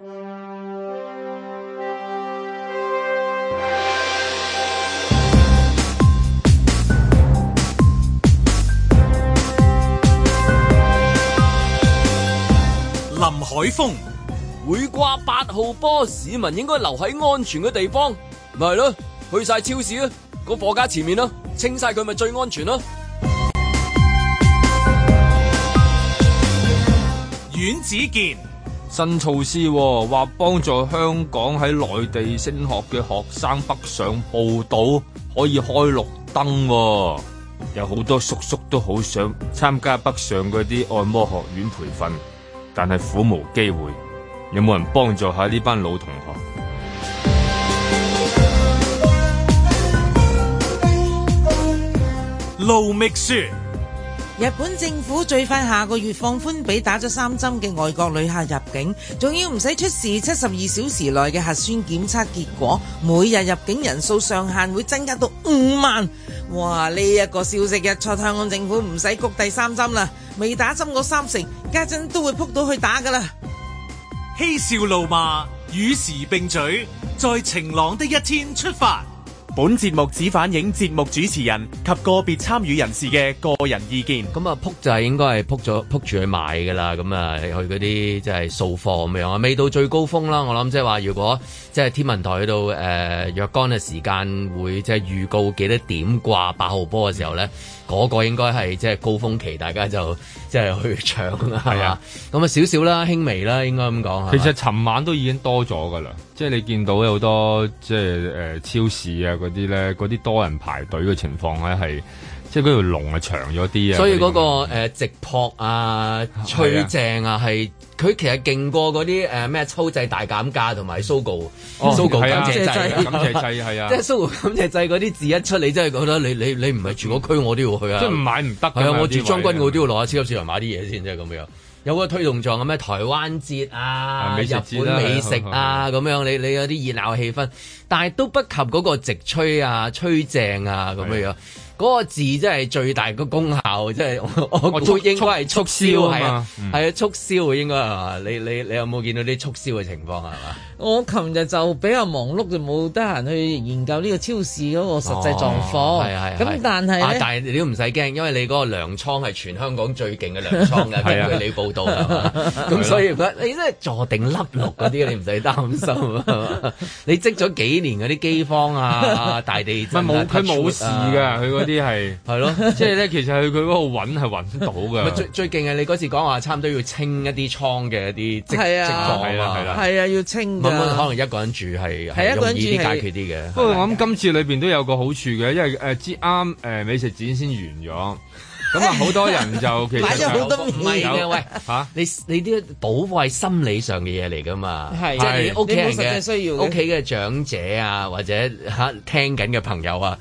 林海峰會掛八號波，市民應該留喺安全嘅地方，咪係咯，去晒超市啦，個貨架前面啦，清晒佢咪最安全咯。阮子健。新措施話、哦、幫助香港喺內地升學嘅學生北上報到可以開綠燈喎、哦，有好多叔叔都好想參加北上嗰啲按摩學院培訓，但係苦無機會，有冇人幫助下呢班老同學？盧秘書。日本政府最快下個月放寬俾打咗三針嘅外國旅客入境，仲要唔使出示七十二小時內嘅核酸檢測結果，每日入境人數上限會增加到五萬。哇！呢一個消息一出，香港政府唔使谷第三針啦，未打針嗰三成，家陣都會撲到去打噶啦。嬉笑怒罵，與時並舉，在晴朗的一天出發。本節目只反映節目主持人及個別參與人士嘅個人意見。咁啊，撲就係應該係撲咗撲住去買㗎啦。咁啊，去嗰啲即係掃貨咁樣啊，未到最高峰啦。我諗即係話如果。即係天文台喺度誒，若干嘅時間會即係預告幾多點掛八號波嘅時候咧，嗰、那個應該係即係高峰期，大家就即係去搶啊，係嘛？咁啊少少啦，輕微啦，應該咁講。其實尋晚都已經多咗噶啦，即係你見到有好多即係誒、呃、超市啊嗰啲咧，嗰啲多人排隊嘅情況咧係，即係嗰條龍係長咗啲啊。所以嗰、那個些、呃、直撲啊、吹正啊係。佢其實勁過嗰啲誒咩抽製大減價同埋 Sogo，Sogo 感謝祭感謝祭係啊！即係 Sogo 感謝祭嗰啲字一出，你真係覺得你你你唔係住嗰區我都要去啊！即係唔買唔得。我住將軍澳都要落下超級市場買啲嘢先，即係咁樣。有個推動狀咁咩台灣節啊、日本美食啊咁樣，你你有啲熱鬧氣氛，但係都不及嗰個直吹啊、吹正啊咁樣。嗰個字真係最大個功效，即係我我估應該係促銷，係啊，係啊，促銷啊，應該啊，你你你有冇見到啲促銷嘅情況係嘛？我琴日就比較忙碌，就冇得閒去研究呢個超市嗰個實際狀況。咁但係但係你都唔使驚，因為你嗰個糧倉係全香港最勁嘅糧倉嘅，根據你報道。咁所以你真係坐定粒六嗰啲，你唔使擔心。你積咗幾年嗰啲饑荒啊、大地震啊，佢冇事㗎，佢啲係係咯，即係咧，其實去佢嗰度揾係揾得到嘅。最最勁係你嗰次講話，差唔多要清一啲倉嘅一啲積積房啊，係啊，要清噶。可能一個人住係係一個人住係容易啲解決啲嘅。不過我諗今次裏邊都有個好處嘅，因為誒啱誒美食展先完咗，咁啊好多人就其實買咗好多唔係嘅。喂，吓你你啲寶貴心理上嘅嘢嚟噶嘛？係即係你屋企要。屋企嘅長者啊，或者吓聽緊嘅朋友啊。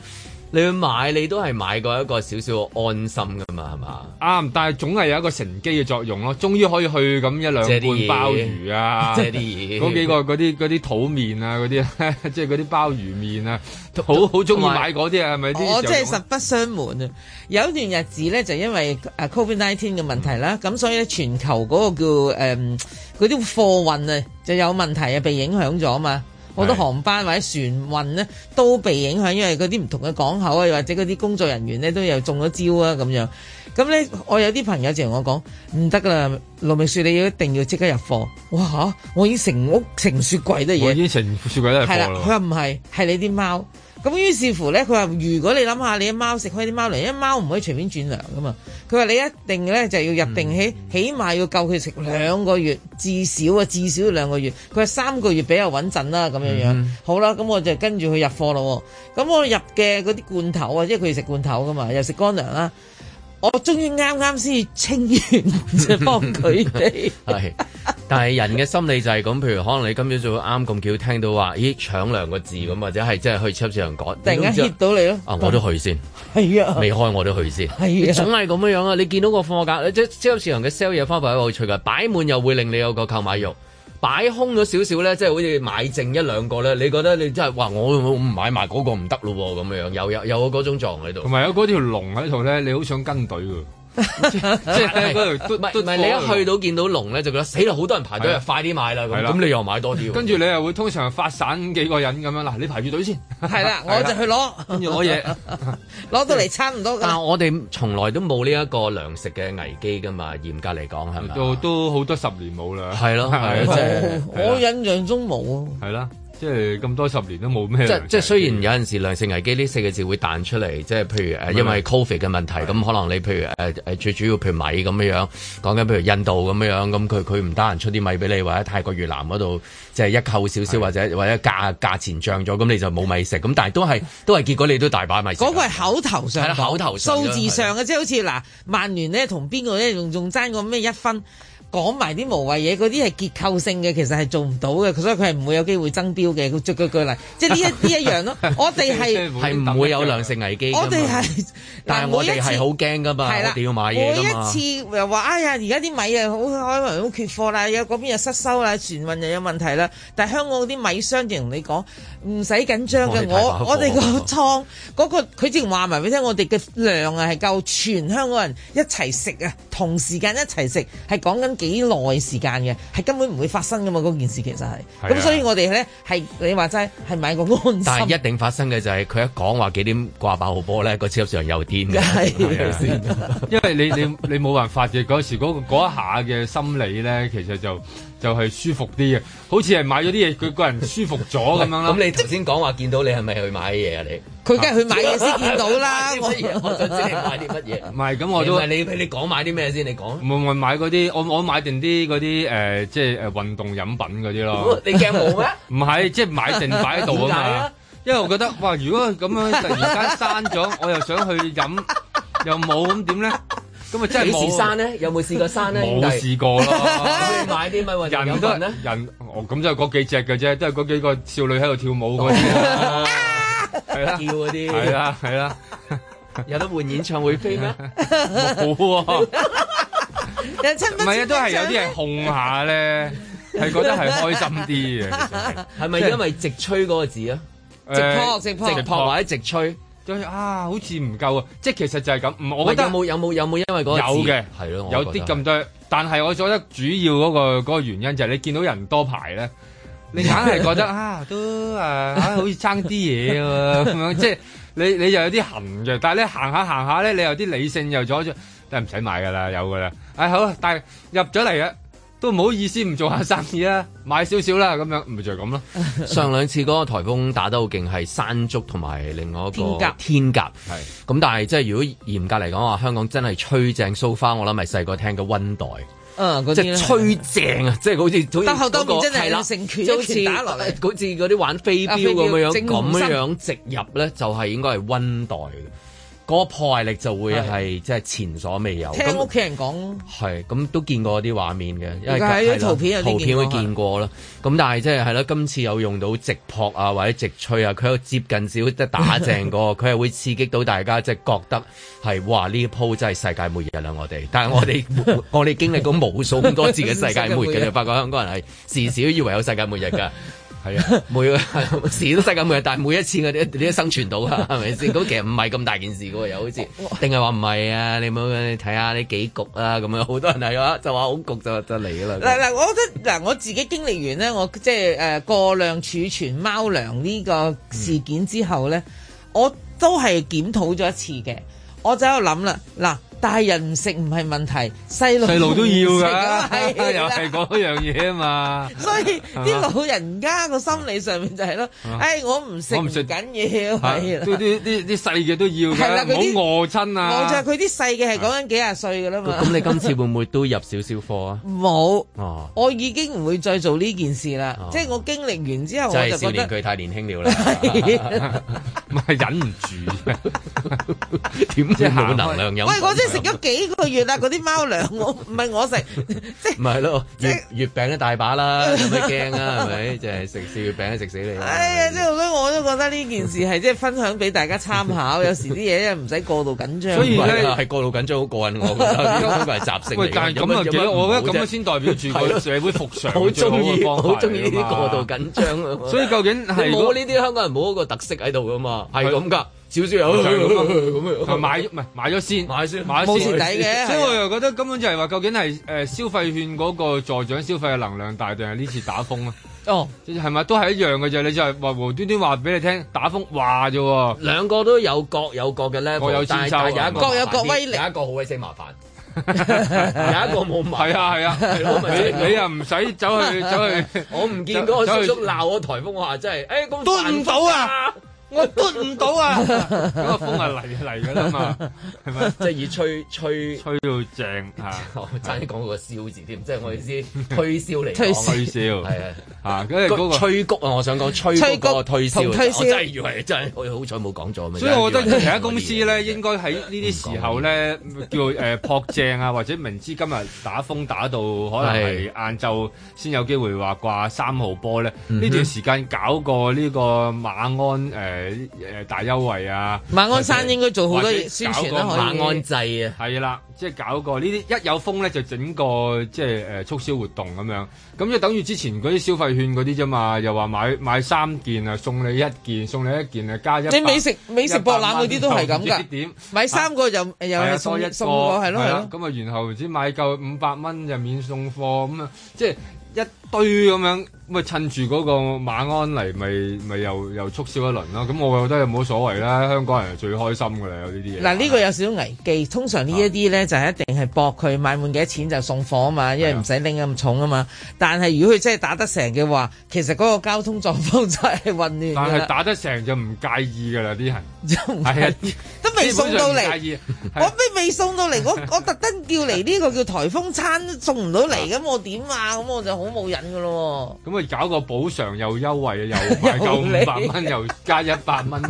你去買，你都係買過一個少少安心噶嘛，係嘛？啱，但係總係有一個乘機嘅作用咯。終於可以去咁一兩半鮑魚啊，即啲嗰幾個嗰啲嗰啲土麵啊，嗰啲即係嗰啲鮑魚麵啊，都好好中意買嗰啲啊，係咪？我真係實不相瞞啊！有一段日子咧，就因為 Covid nineteen 嘅問題啦，咁、嗯、所以咧全球嗰個叫誒嗰啲貨運啊就有問題啊，被影響咗嘛。好多航班或者船運咧都被影響，因為嗰啲唔同嘅港口啊，或者嗰啲工作人員咧都又中咗招啊咁樣。咁咧，我有啲朋友就同我講：唔得啦，盧覓雪，你要一定要即刻入貨。哇嚇！我已經成屋成雪櫃都係嘢，我已經成雪櫃都係貨啦。係啦，佢又唔係，係你啲貓。咁於是乎咧，佢話：如果你諗下，你隻貓食開啲貓糧，因為貓唔可以隨便轉糧噶嘛。佢話你一定咧就要入定起，嗯嗯、起碼要夠佢食兩個月，嗯、至少啊，至少兩個月。佢話三個月比較穩陣啦，咁樣樣。嗯、好啦，咁我就跟住佢入貨咯、喔。咁我入嘅嗰啲罐頭啊，即係佢要食罐頭噶嘛，又食乾糧啦。我終於啱啱先清完，即係幫佢哋。係 但係人嘅心理就係咁。 譬如可能你今朝早啱咁巧聽到話，咦搶糧個字咁，或者係即係去超市行講，突然間 hit 到你咯。啊，說我都去先。係啊，未開我都去先。係啊，你總係咁樣樣啊。你見到個貨架，即係超市行嘅 sell 嘢方法好有趣嘅，擺滿又會令你有個購買欲。擺空咗少少咧，即係好似買剩一兩個咧，你覺得你真係話我唔買埋嗰個唔得咯喎，咁樣樣有又有狀有嗰種狀喺度，同埋有嗰條龍喺度咧，你好想跟隊㗎。即係係你一去到見到龍咧，就覺得死啦！好多人排隊，快啲買啦咁。咁你又買多啲，跟住你又會通常發散幾個人咁樣啦，你排住隊先。係啦，我就去攞，跟住攞嘢，攞到嚟差唔多噶。但係我哋從來都冇呢一個糧食嘅危機噶嘛，嚴格嚟講係咪？都都好多十年冇啦。係咯，係即係我印象中冇咯。係啦。即係咁多十年都冇咩，即係即係雖然有陣時糧食危機呢四個字會彈出嚟，即係譬如誒，因為 Covid 嘅問題，咁嗎可能你譬如誒最主要譬如米咁樣樣，講緊譬如印度咁樣樣，咁佢佢唔得閒出啲米俾你，或者泰國越南嗰度即係一扣少少，或者或者價價錢漲咗，咁你就冇米食，咁但係都係都係結果你都大把米食。嗰個係口頭上，係啦，口頭上，數字上嘅，即係好似嗱，曼聯呢同邊個呢仲仲爭個咩一分？講埋啲無謂嘢，嗰啲係結構性嘅，其實係做唔到嘅，所以佢係唔會有機會增標嘅。佢舉舉例，即係呢一啲一 樣咯。我哋係唔會有糧食危機。我哋係，但係我哋係好驚㗎嘛，點啦要買嘢嘛？每一次又話哎呀，而家啲米啊好可能好缺貨啦，有嗰邊又失收啦，船運又有問題啦。但香港嗰啲米商就同你講唔使緊張嘅，我我哋、個倉嗰個佢仲話埋俾你聽，我哋嘅糧啊係夠全香港人一齊食啊，同時間一齊食係講緊。幾耐時間嘅，係根本唔會發生噶嘛，嗰件事其實係。咁、啊、所以我哋咧係你話齋係買個安心，但係一定發生嘅就係、是、佢一講話幾點掛八號波咧，個超級市場又癲。梗係，因為你你你冇辦法嘅嗰時嗰一下嘅心理咧，其實就。就係舒服啲嘅，好似係買咗啲嘢，佢個人舒服咗咁樣啦。咁你頭先講話見到你係咪去買嘢啊？你佢梗係去買嘢先見到啦。 我想知你買啲乜嘢？唔係，咁我都係你係咪你講買啲咩先？你講。唔係買嗰啲，我我買定啲嗰啲即係運動飲品嗰啲咯。 你驚冇咩？唔係，即係買定擺喺度啊嘛。為因為我覺得哇，如果咁樣突然間閂咗，我又想去飲又冇，咁點咧？咁啊，真係冇試山咧，有冇試過山咧？冇試過咯，買啲咪人多人咧？人哦，咁就嗰幾隻嘅啫，都係嗰幾個少女喺度跳舞嗰啲，係啦，叫嗰啲，係啦，係啦，有得換演唱會飛咩？冇喎，唔係啊，都係有啲人控下咧，係覺得係開心啲嘅。係咪因為直吹嗰個字啊？直播，直直播，或者直吹。就啊，好似唔夠啊！即其實就係咁，唔我覺得有冇有冇有冇因為有嘅係咯，有啲咁多。但係我覺得主要嗰個嗰個原因就係你見到人多排咧，你硬係覺得 啊都啊，啊好似爭啲嘢喎咁樣。即你你又有啲痕嘅，但係你行下行下咧，你又有啲理性又阻住，都唔使買噶啦，有噶啦。誒、哎、好，但係入咗嚟啊！都唔好意思，唔做下生意啊，買少少啦，咁樣咪就係咁咯。上兩次嗰個颱風打得好勁，係山竹同埋另外一個天鴿。天鴿係。咁但係即係如果嚴格嚟講話，香港真係吹正，so far，我諗咪細個聽嘅溫黛。嗯，即係吹正拳拳啊，即係好似好似嗰真係啦，好似好似嗰啲玩飛鏢咁樣樣，咁樣樣直入咧，就係、是、應該係溫黛個破壞力就會係即係前所未有。咁屋企人講係咁都見過啲畫面嘅，因為喺的圖片有片會見過啦。咁的但係即係係啦，今次有用到直撲啊或者直吹啊，佢有接近少即係打正個，佢係 會刺激到大家即係，就是，覺得係嘩呢鋪真係世界末日啦！ 我哋，但係我哋我哋經歷過無數咁多次嘅世界末日，就 末發覺香港人係時時都以為有世界末日㗎。 係 啊，每個事都世界每日，但係每一次我哋你都生存到啊，係咪先？咁 其實唔係咁大件事嘅，又好似定係話唔係啊？你冇睇下你幾焗啊？咁樣，好多人係話就話好焗就就嚟啦。嗱嗱， 我覺得嗱，我自己經歷完咧，我即係誒過量儲存貓糧呢個事件之後咧，嗯、我都係檢討咗一次嘅。我就喺度諗啦，嗱。大人唔食唔係問題，細路都要噶，又係嗰樣嘢啊嘛。所以啲老人家個心理上面就係咯，誒我唔食，我唔食緊嘢。係，啲啲啲啲細嘅都要，唔好餓親啊。餓親佢啲細嘅係講緊幾廿歲噶啦嘛。咁你今次會唔會都入少少貨啊？冇，我已經唔會再做呢件事啦。即係我經歷完之後，我就覺得少年佢太年輕了啦。唔係忍唔住，點知冇能量飲？喂，我先。食咗幾個月啦，嗰啲貓糧我唔係我食，即係唔係咯？月餅都大把啦，有乜驚啊？係咪？即係食四月餅都食死你。哎呀，即係我都我都覺得呢件事係即係分享俾大家參考。有時啲嘢唔使過度緊張。所以咧係過度緊張好過癮，我覺得香港係習性嚟。喂，但係咁我覺得咁樣先代表住個社會復常，好好中意好中意呢啲過度緊張。所以究竟係冇呢啲香港人冇一個特色喺度㗎嘛？係咁㗎。少少有獎咁啊！買唔係買咗先，買先買先冇蝕底嘅。所以我又覺得根本就係話，究竟係誒消費券嗰個助長消費嘅能量大，定係呢次打風啊？哦，係咪都係一樣嘅啫？你就係話無端端話俾你聽打風話啫喎。兩個都有各有各嘅咧，各有專修，各有各威力。有一個好鬼死麻煩，有一個冇麻煩。係啊係啊，你你又唔使走去走去，我唔見嗰個叔叔鬧我台風話，真係誒咁唔到啊！我斷唔到啊！嗰個風啊嚟嚟㗎啦嘛，係咪即係以吹吹吹到正嚇？差啲講個銷字添，即係我意思推銷嚟講，推銷係啊嚇。跟住嗰個吹谷啊，我想講吹谷嗰個推銷，我真係以為真係我好彩冇講咗。所以我覺得其他公司咧，應該喺呢啲時候咧，叫誒撲正啊，或者明知今日打風打到可能係晏晝先有機會話掛三號波咧，呢段時間搞過呢個馬鞍誒。誒大優惠啊！馬鞍山應該做好多嘢宣傳啦，可以馬鞍制啊，係啦，即係搞個呢啲一有風咧就整個即係誒促銷活動咁樣，咁就等於之前嗰啲消費券嗰啲啫嘛，又話買買三件啊送你一件，送你一件啊加一，即係美食美食博覽嗰啲都係咁噶，樣買三個又又送一送個，係咯係咯，咁啊然後只買夠五百蚊就免送貨咁啊，即係一堆咁樣。咁咪、嗯、趁住嗰個馬鞍嚟，咪咪又又促銷一輪咯。咁我覺得又冇所謂啦，香港人係最開心噶啦，有呢啲嘢。嗱，呢個有少少危機。通常呢一啲咧，啊、就係一定係搏佢買滿幾多錢就送貨啊嘛，因為唔使拎咁重啊嘛。但係如果佢真係打得成嘅話，其實嗰個交通狀況真係混亂。但係打得成就唔介意噶啦，啲人係啊， 都未送到嚟，我未未送到嚟，我我特登叫嚟呢個叫颱風餐送唔到嚟，咁我點啊？咁我、啊、我就好冇癮噶咯。咁搞個補償又優惠，又買夠五百蚊，又加一百蚊，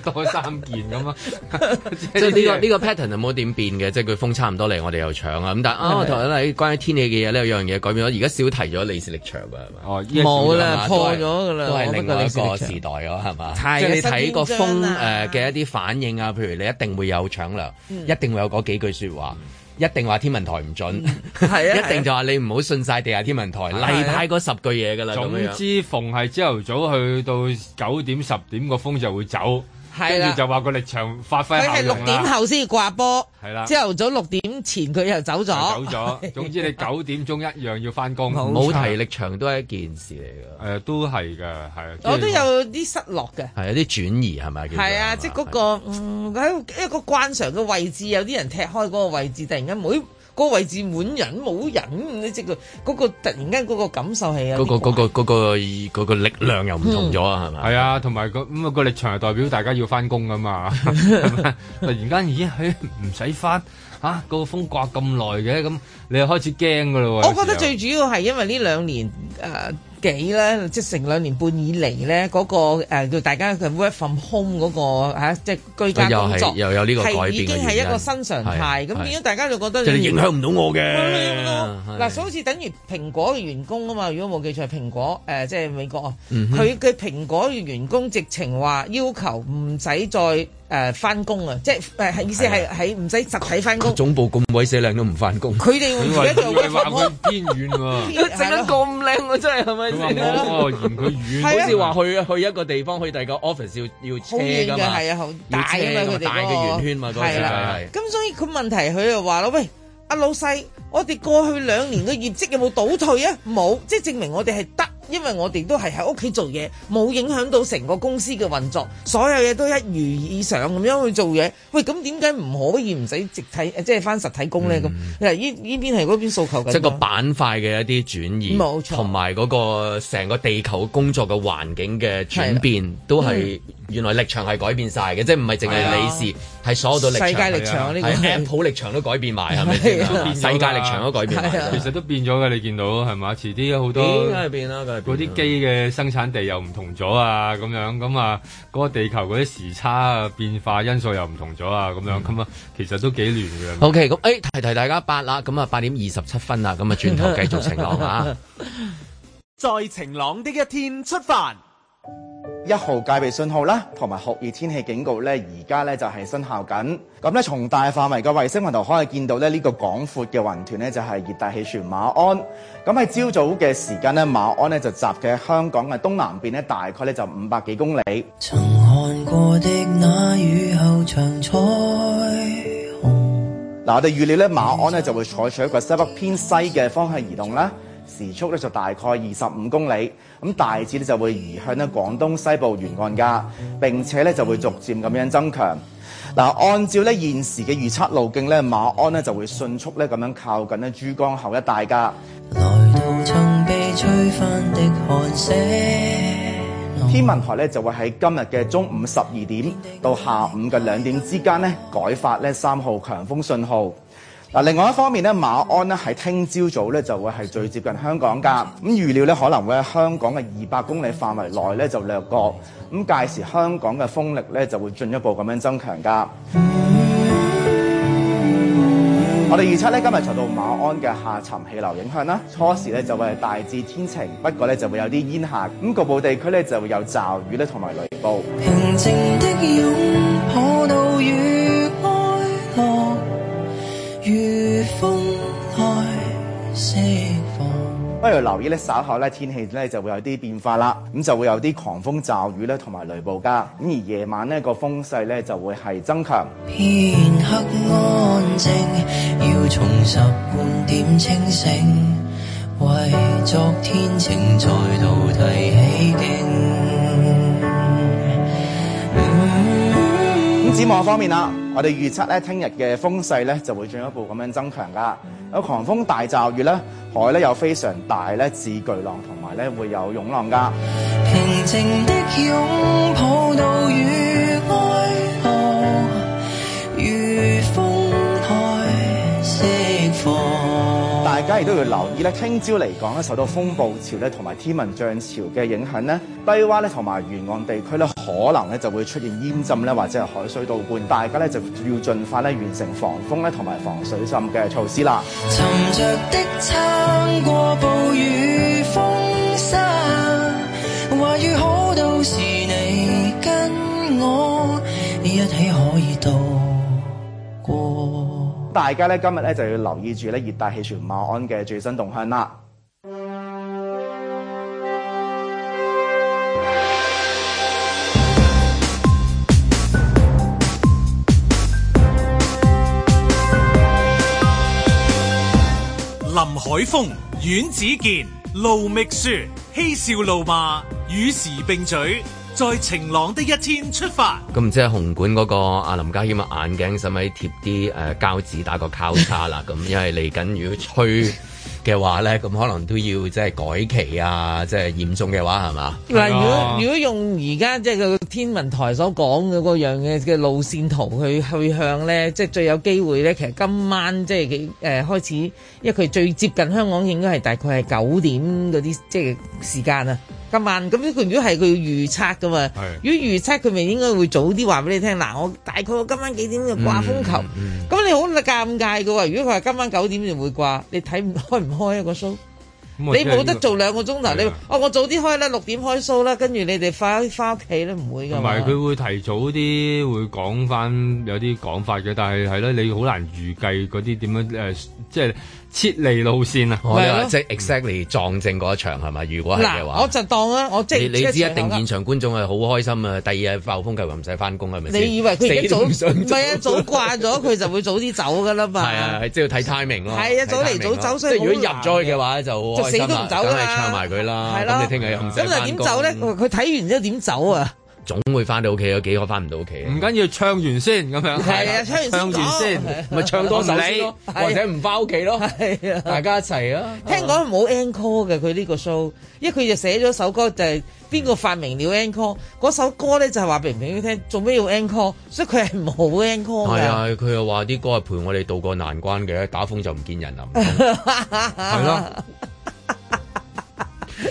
多三件咁、這個、啊！即係呢個呢個 pattern 就冇點變嘅，即係佢風差唔多嚟，我哋又搶啊！咁但係啊，我同你講關於天氣嘅嘢呢，有樣嘢改變咗，而家少提咗李氏力場㗎係嘛？冇啦，哦、沒了破咗㗎啦，都係另外一個時代咯係嘛？係你睇個風誒嘅一啲反應啊，譬如你一定會有搶糧，嗯、一定會有嗰幾句説話。一定話天文台唔準，啊！啊 一定就話你唔好信晒地下天文台，啊、例牌嗰十句嘢㗎啦。總之，逢係朝頭早去到九點十點，個風就會走。係啦，就話個力場發揮效應啦。佢係六點後先要掛波，係啦。朝頭早六點前佢又走咗。走咗，總之你九點鐘一樣要翻工，冇提力場都係一件事嚟嘅。誒，都係嘅，係。我都有啲失落嘅，係有啲轉移係咪？係啊，即係嗰個喺一個慣常嘅位置，有啲人踢開嗰個位置，突然間冇。個位置滿人冇人，你即個嗰個突然間嗰個感受係啊，嗰、那個嗰、那個嗰嗰、那個那個、力量又唔同咗、嗯、吧啊，係咪、那個？係啊，同埋個咁個力場係代表大家要翻工啊嘛， 突然間咦，唔使翻啊，那個風刮咁耐嘅咁，你又開始驚㗎喇喎！我覺得最主要係因為呢兩年誒。呃幾咧？即係成兩年半以嚟咧，嗰、那個、呃、叫大家嘅 work from home 嗰、那個、啊、即係居家工作，又，又有呢個改變係已經係一個新常態，咁、啊啊、變咗大家就覺得即係影響唔到我嘅。嗱、啊，所好似等於蘋果嘅員工啊嘛，如果冇記錯，係蘋果誒即係美國啊，佢嘅、嗯、哼蘋果嘅員工直情話要求唔使再。誒，翻工啊，即係誒，意思係喺唔使集體翻工。總部咁鬼死靚都唔翻工。佢哋佢喺度喺邊遠啊，整得咁靚啊，真係係咪？佢話我我嫌佢遠，好似話去去一個地方去第二個 office 要要車噶嘛。好遠嘅係啊，好大啊佢哋。大嘅圓圈嘛，嗰個係啦。咁所以佢問題，佢又話啦，喂，阿老細，我哋過去兩年嘅業績有冇倒退啊？冇，即係證明我哋係得。因為我哋都係喺屋企做嘢，冇影響到成個公司嘅運作，所有嘢都一如以往咁樣去做嘢。喂，咁點解唔可以唔使直體？即係返實體工咧咁。呢邊係嗰邊訴求嘅。即係個板塊嘅一啲轉移，同埋嗰個成個地球工作嘅環境嘅轉變，都係原來力場係改變晒嘅，即係唔係淨係李氏，係所有嘅力場，係 Apple 力場都改變埋，係咪？世界力場都改變其實都變咗嘅。你見到係咪？遲啲有好多啦。嗰啲機嘅生產地又唔同咗啊，咁樣咁啊，嗰個地球嗰啲時差啊，變化因素又唔同咗啊，咁樣咁啊，其實都幾亂嘅。OK，咁誒提提大家八啦，咁啊八點二十七分啦，咁啊轉頭繼續晴朗啊，在 晴朗的一天出發。一號戒備信號啦，同埋酷熱天氣警告咧，而家咧就係生效緊。咁咧從大範圍嘅衛星雲圖可以見到咧，呢個廣闊嘅雲團呢，就係熱帶氣旋馬鞍。咁喺朝早嘅時間咧，馬鞍咧就集嘅香港嘅東南邊咧，大概咧就五百幾公里。曾看過的那雨後長彩虹。嗱，我哋預料咧馬鞍咧就會採取一個西北偏西嘅方向移動啦。時速咧就大概二十五公里，咁大致咧就會移向咧廣東西部沿岸㗎，並且咧就會逐漸咁樣增強。嗱，按照咧現時嘅預測路徑咧，馬鞍咧就會迅速咧咁樣靠近咧珠江口一帶㗎。天文台咧就會喺今日嘅中午十二點到下午嘅兩點之間咧改發咧三號強風信號。嗱，另外一方面咧，馬鞍咧喺聽朝早咧就會係最接近香港噶，咁預料咧可能會喺香港嘅二百公里範圍內咧就掠過，咁屆時香港嘅風力咧就會進一步咁樣增強噶。嗯、我哋預測咧今日受到馬鞍嘅下沉氣流影響啦，初時咧就會係大致天晴，不過咧就會有啲煙霞，咁局部地區咧就會有驟雨咧同埋雷暴。如放，不如留意咧，稍後咧天氣咧就會有啲變化啦，咁就會有啲狂風驟雨咧同埋雷暴噶，咁而夜晚呢個風勢咧就會係增強。片刻安靜，要重拾半點清醒，為昨天情再度提起勁。咁紫外線方面啊。我哋預測咧，聽日嘅風勢咧就會進一步咁樣增強噶。有狂風大驟雨咧，海咧有非常大咧至巨浪，同埋咧會有湧浪噶。平靜的擁抱到大家亦都要留意聽朝嚟講，受到風暴潮同埋天文漲潮嘅影響，低窪同埋沿岸地區可能就會出現淹浸，或者係海水倒灌，大家就要盡快完成防風同埋防水浸嘅措施喇。沉着的撐過暴雨風沙，話語好到時你跟我，一起可以到。大家咧今日咧就要留意住咧熱帶氣旋馬鞍嘅最新動向啦！林海峰、阮子健、盧覓雪，嬉笑怒罵，與時並舉。在晴朗的一天出發，咁唔知紅館嗰、那個阿林家謙嘅眼鏡使唔使貼啲誒、呃、膠紙打個交叉啦？咁 因為嚟緊如果吹嘅話咧，咁可能都要即係改期啊！即係嚴重嘅話係嘛？嗱是的，如果如果用而家即係個天文台所講嘅嗰樣嘅嘅路線圖去去向咧，即係最有機會咧。其實今晚即係幾誒開始，因為佢最接近香港應該係大概係九點嗰啲即係時間啊。今晚咁，如果係佢要預測㗎嘛，是的 如果預測佢咪應該會早啲話俾你聽。嗱、啊，我大概我今晚幾點就掛風球，咁、嗯嗯嗯、你好尷尬㗎喎。如果佢話今晚九點就會掛，你睇唔到？開唔開啊？Show? 嗯、個 show？、嗯、你冇得做兩個鐘頭，你、嗯、哦、嗯、我早啲開啦，六點開，開 show 啦，跟住你哋快翻屋企啦，唔會噶、啊。唔係，佢會提早啲會講翻有啲講法嘅，但係係咧，你好難預計嗰啲點樣誒、呃，即係。撤離路線啊！我哋即係 exactly 撞正嗰一場係咪？如果係嘅話，我就當啊。我即係你知一定現場觀眾係好開心啊！第二日爆風球又唔使翻工，係咪？你以為佢而家早唔想走？唔係啊，早慣咗佢就會早啲走噶啦嘛。係啊，即係要睇 timing 咯。係啊，早嚟早走，所以如果入咗去嘅話就死都唔走，唱埋佢啦。係咯，你聽日又唔使。咁就點走咧？佢睇完之後點走啊？總會翻到屋企，有幾可翻唔到屋企。唔緊要，唱完先咁樣。係啊，唱完先，咪唱多首先或者唔翻屋企咯。係啊，大家一齊啊。聽講冇 encore 嘅佢呢個 show，因為佢就寫咗首歌就係邊個發明了 encore？嗰首歌咧就係話畀唔畀佢聽，做咩要 encore？所以佢係冇 encore。係啊，佢又話啲歌係陪我哋渡過難關嘅，打風就唔見人啊。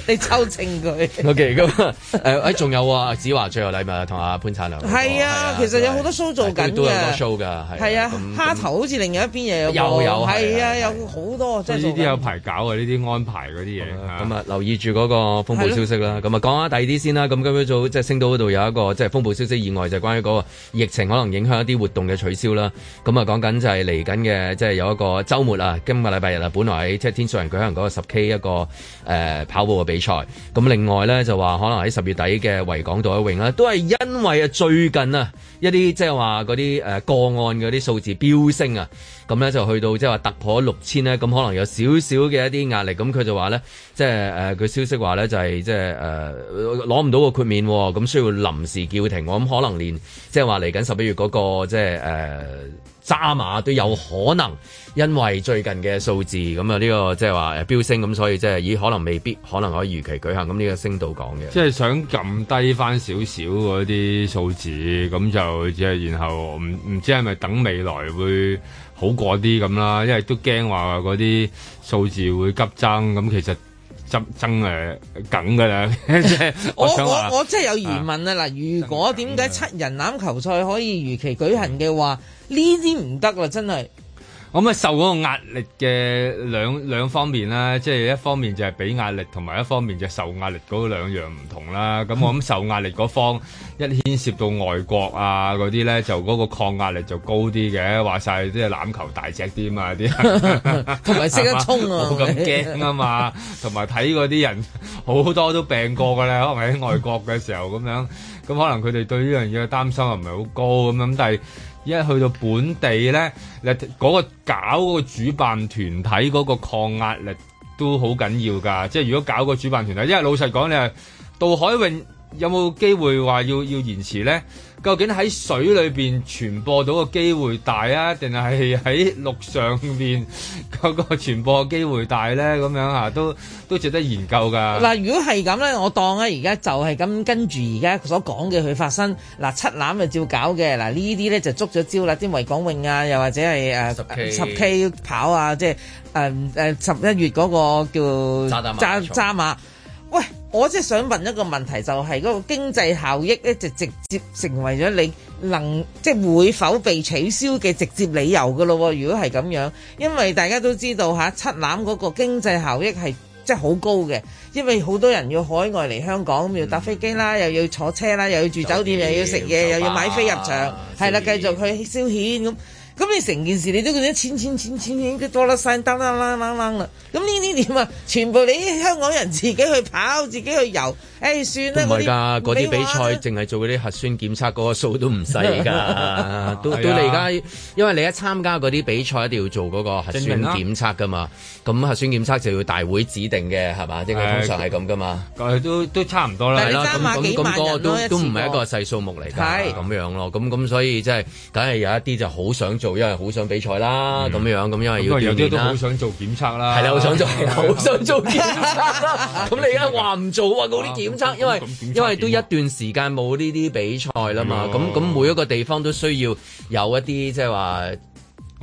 你抽正佢 OK 咁誒？誒仲有啊！子華最後禮物同阿潘燦良。係啊，其實有好多 show 做緊都有多 show 噶係。係啊，蝦頭好似另一邊嘢又有。係啊，有好多即係。呢啲有排搞啊，呢啲安排嗰啲嘢。咁啊，留意住嗰個風暴消息啦。咁啊，講下第二啲先啦。咁今日早即係升到嗰度有一個即係風暴消息以外，就係關於嗰個疫情可能影響一啲活動嘅取消啦。咁啊，講緊就係嚟緊嘅即係有一個週末啊，今個禮拜日啊，本來喺即係天水圍舉行嗰個十 K 一個。誒跑步嘅比賽，咁另外咧就話可能喺十月底嘅維港渡海泳啦，都係因為啊最近啊一啲即係話嗰啲誒個案嗰啲數字飆升啊，咁咧就去到即係話突破六千咧，咁可能有少少嘅一啲壓力，咁佢就話咧即係誒佢消息話咧就係即係誒攞唔到個豁免喎，咁、哦、需要臨時叫停咁、哦、可能連即係話嚟緊十一月嗰個即係誒。就是呃渣馬都有可能，因為最近嘅數字咁啊，呢個即係話飆升，咁所以即係，咦，可能未必，可能可以如期舉行，咁呢個升到講嘅。即係想撳低翻少少嗰啲數字，咁就即係然後唔唔知係咪等未來會好過啲咁啦，因為都驚話嗰啲數字會急增，咁其實。真係梗㗎啦！我我我真係有疑問啊！嗱，如果點解七人欖球賽可以如期舉行嘅話，呢啲唔得啦！真係。咁啊，受嗰個壓力嘅兩兩,兩方面啦，即係一方面就係俾壓力，同埋一方面就受壓力嗰兩樣唔同啦。咁我諗受壓力嗰方 一牽涉到外國啊嗰啲咧，就嗰個抗壓力就高啲嘅。話晒即係籃球大隻啲啊嘛，啲同埋識得衝啊，冇咁驚啊嘛，同埋睇嗰啲人好多都病過噶啦， 可能喺外國嘅時候咁樣，咁可能佢哋對呢樣嘢嘅擔心又唔係好高咁樣，但係一去到本地呢，嗰、嗰個搞個個主辦團體嗰個抗壓力都好緊要㗎，即係如果搞個主辦團體，因為老實講你係杜海泳。有冇機會話要要延遲咧？究竟喺水裏邊傳播到嘅機會大啊，定係喺陸上邊嗰個傳播嘅機會大咧？咁樣啊都都值得研究㗎。嗱，如果係咁咧，我當咧，而家就係咁，跟住而家所講嘅去發生。嗱，七攬就照搞嘅。嗱，呢啲咧就捉咗招啦。啲維港泳啊，又或者係誒十七、呃、K 跑啊，即係誒、呃、十一月嗰個叫渣馬我即係想問一個問題，就係嗰個經濟效益咧，就直接成為咗你能即係會否被取消嘅直接理由嘅咯喎。如果係咁樣，因為大家都知道嚇，七欖嗰個經濟效益係即係好高嘅，因為好多人要海外嚟香港，咁要搭飛機啦，嗯、又要坐車啦，又要住酒店，酒店又要食嘢，吧又要買飛入場，係啦吧，繼續去消遣咁。咁你成件事你都嗰得千千千千千都多得曬，呯呯呯呯呯啦！咁呢啲點啊？全部你香港人自己去跑，自己去遊，誒算啦！唔係㗎，嗰啲比賽淨係做嗰啲核酸檢測，嗰個數都唔細㗎，都都你而家因為你一參加嗰啲比賽，一定要做嗰個核酸檢測㗎嘛。咁核酸檢測就要大會指定嘅係嘛？即係通常係咁㗎嘛。係都都差唔多啦。但咁你爭都唔係一個細數目嚟㗎。係咁樣咯，咁咁所以即係梗係有一啲就好想。做因為好想比賽啦，咁樣咁因為要檢啦。有啲都好想做檢測啦，係啦，好想做，好想做檢測。咁你而家話唔做啊？嗰啲檢測，因為因為都一段時間冇呢啲比賽啦嘛。咁咁每一個地方都需要有一啲即係話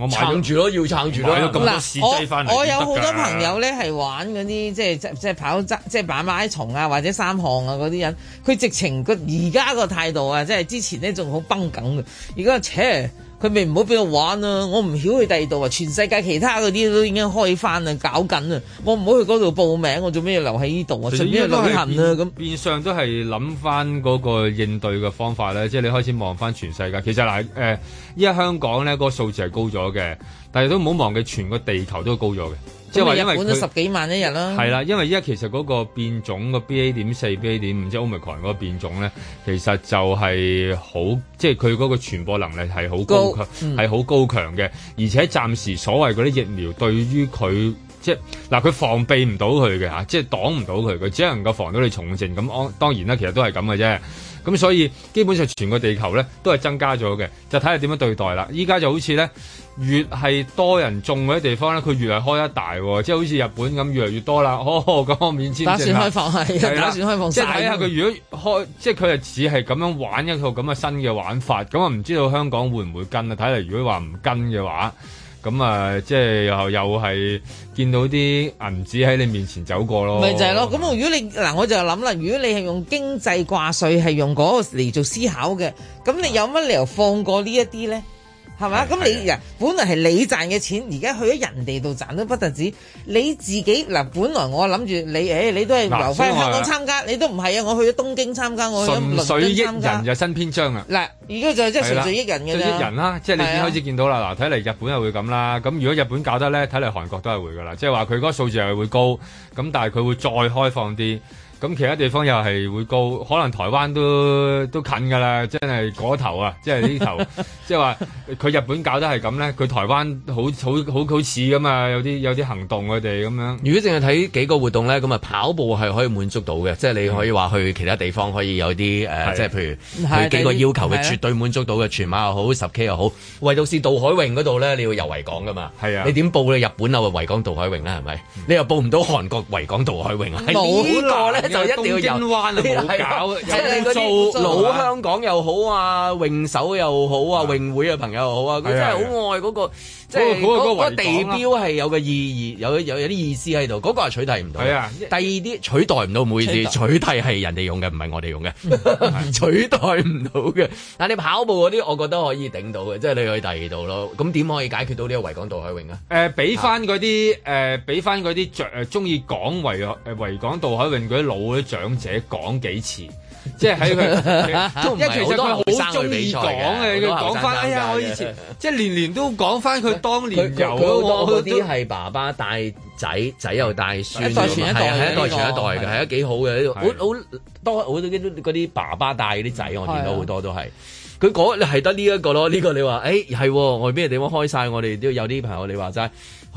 撐住咯，要撐住咯。咁多試劑翻嚟，我有好多朋友咧係玩嗰啲即係即即係跑即係跑馬拉松啊，或者三項啊嗰啲人，佢直情佢而家個態度啊，即係之前咧仲好繃緊嘅，而家扯。佢咪唔好俾我玩啦！我唔曉去第二度啊！全世界其他嗰啲都已經開翻啊，搞緊啊。我唔好去嗰度報名，我做咩要留喺呢度啊？順便去旅行啊？咁變相都係諗翻嗰個應對嘅方法咧，即係你開始望翻全世界。其實嗱，誒依家香港咧個數字係高咗嘅，但係都唔好忘記全個地球都高咗嘅。即係因為佢，十幾萬一日，係啦、啊，因為依家其實嗰個變種個 BA 點四、BA 點五，即係 Omicron 嗰個變種咧，其實就係好，即係佢嗰個傳播能力係好高，高、嗯、高強，係好高強嘅。而且暫時所謂嗰啲疫苗對於佢，即係嗱，佢防備唔到佢嘅，即係擋唔到佢嘅，只能夠防到你重症，咁當然啦，其實都係咁嘅啫。咁所以基本上全個地球咧都係增加咗嘅，就睇下點樣對待啦。依家就好似咧。越係多人種嗰啲地方咧，佢越係開得大，即係好似日本咁越嚟越多啦。哦，咁我面前簽。打算開放，係，打算開放。即係睇下佢如果開，即係佢係只係咁樣玩一套咁嘅新嘅玩法。咁啊，唔知道香港會唔會跟啊？睇嚟如果話唔跟嘅話，咁啊，即係又又係見到啲銀紙喺你面前走過咯。咪就係咯。咁我如果你嗱，我就諗啦，如果你係用經濟掛帥係用嗰個嚟做思考嘅，咁你有乜理由放過呢一啲咧？係嘛？咁你是的本來係你賺嘅錢，而家去咗人哋度賺都不單止你自己嗱。本來我諗住你，誒，你都係留翻香港參加，你都唔係啊。我去咗東京參加，參加我去水億人就新篇章啦！嗱，而家就係即係水億人嘅水了億人啦、啊，即係你已經開始見到啦。嗱的，睇嚟日本又會咁啦。咁如果日本搞得咧，睇嚟韓國都係會噶啦。即係話佢嗰個數字係會高，咁但係佢會再開放啲。咁其他地方又係會高，可能台灣都都近㗎啦，真係嗰頭啊！即係呢頭，即係話佢日本搞得係咁咧，佢台灣好好好好似咁啊！有啲有啲行動佢哋咁樣。如果淨係睇幾個活動咧，咁啊跑步係可以滿足到嘅，即係你可以話去其他地方可以有啲誒，即係譬如佢幾個要求嘅的絕對滿足到嘅，全是的 馬又好，十 K 又好。唯獨是渡海泳嗰度咧，你要遊維港㗎嘛？係啊是的，你點報你日本啊，維港渡海泳呢？係咪？嗯、你又報唔到韓國維港渡海泳啊？冇個咧！就一定要入灣嚟搞，即係你做老香港又好啊，泳手又好啊，泳會嘅朋友又好啊，佢真係好愛嗰個，即係嗰個嗰個地標係有個意義，有有有啲意思喺度，嗰個係取替唔到。啊，第二啲取代唔到，唔好意思，取替係人哋用嘅，唔係我哋用嘅，取代唔到嘅。但係你跑步嗰啲，我覺得可以頂到嘅，即係你去第二度咯。咁點可以解決到呢個維港渡海泳啊？誒，俾翻嗰啲誒，俾翻嗰啲著誒，中意港維誒維港渡海泳啲老冇多長者講幾次，即係喺佢，因為其實佢好中意講嘅，講翻，哎呀，我以前即係年年都講翻佢當年有嗰啲係爸爸帶仔，仔又帶孫，係一代傳一代嘅。係啊幾好嘅，好好多好多嗰啲爸爸帶啲仔，我見到好多都係。佢講係得呢一個咯，呢個你話，哎係外邊嘅地方開晒？我哋都有啲朋友，你話齋。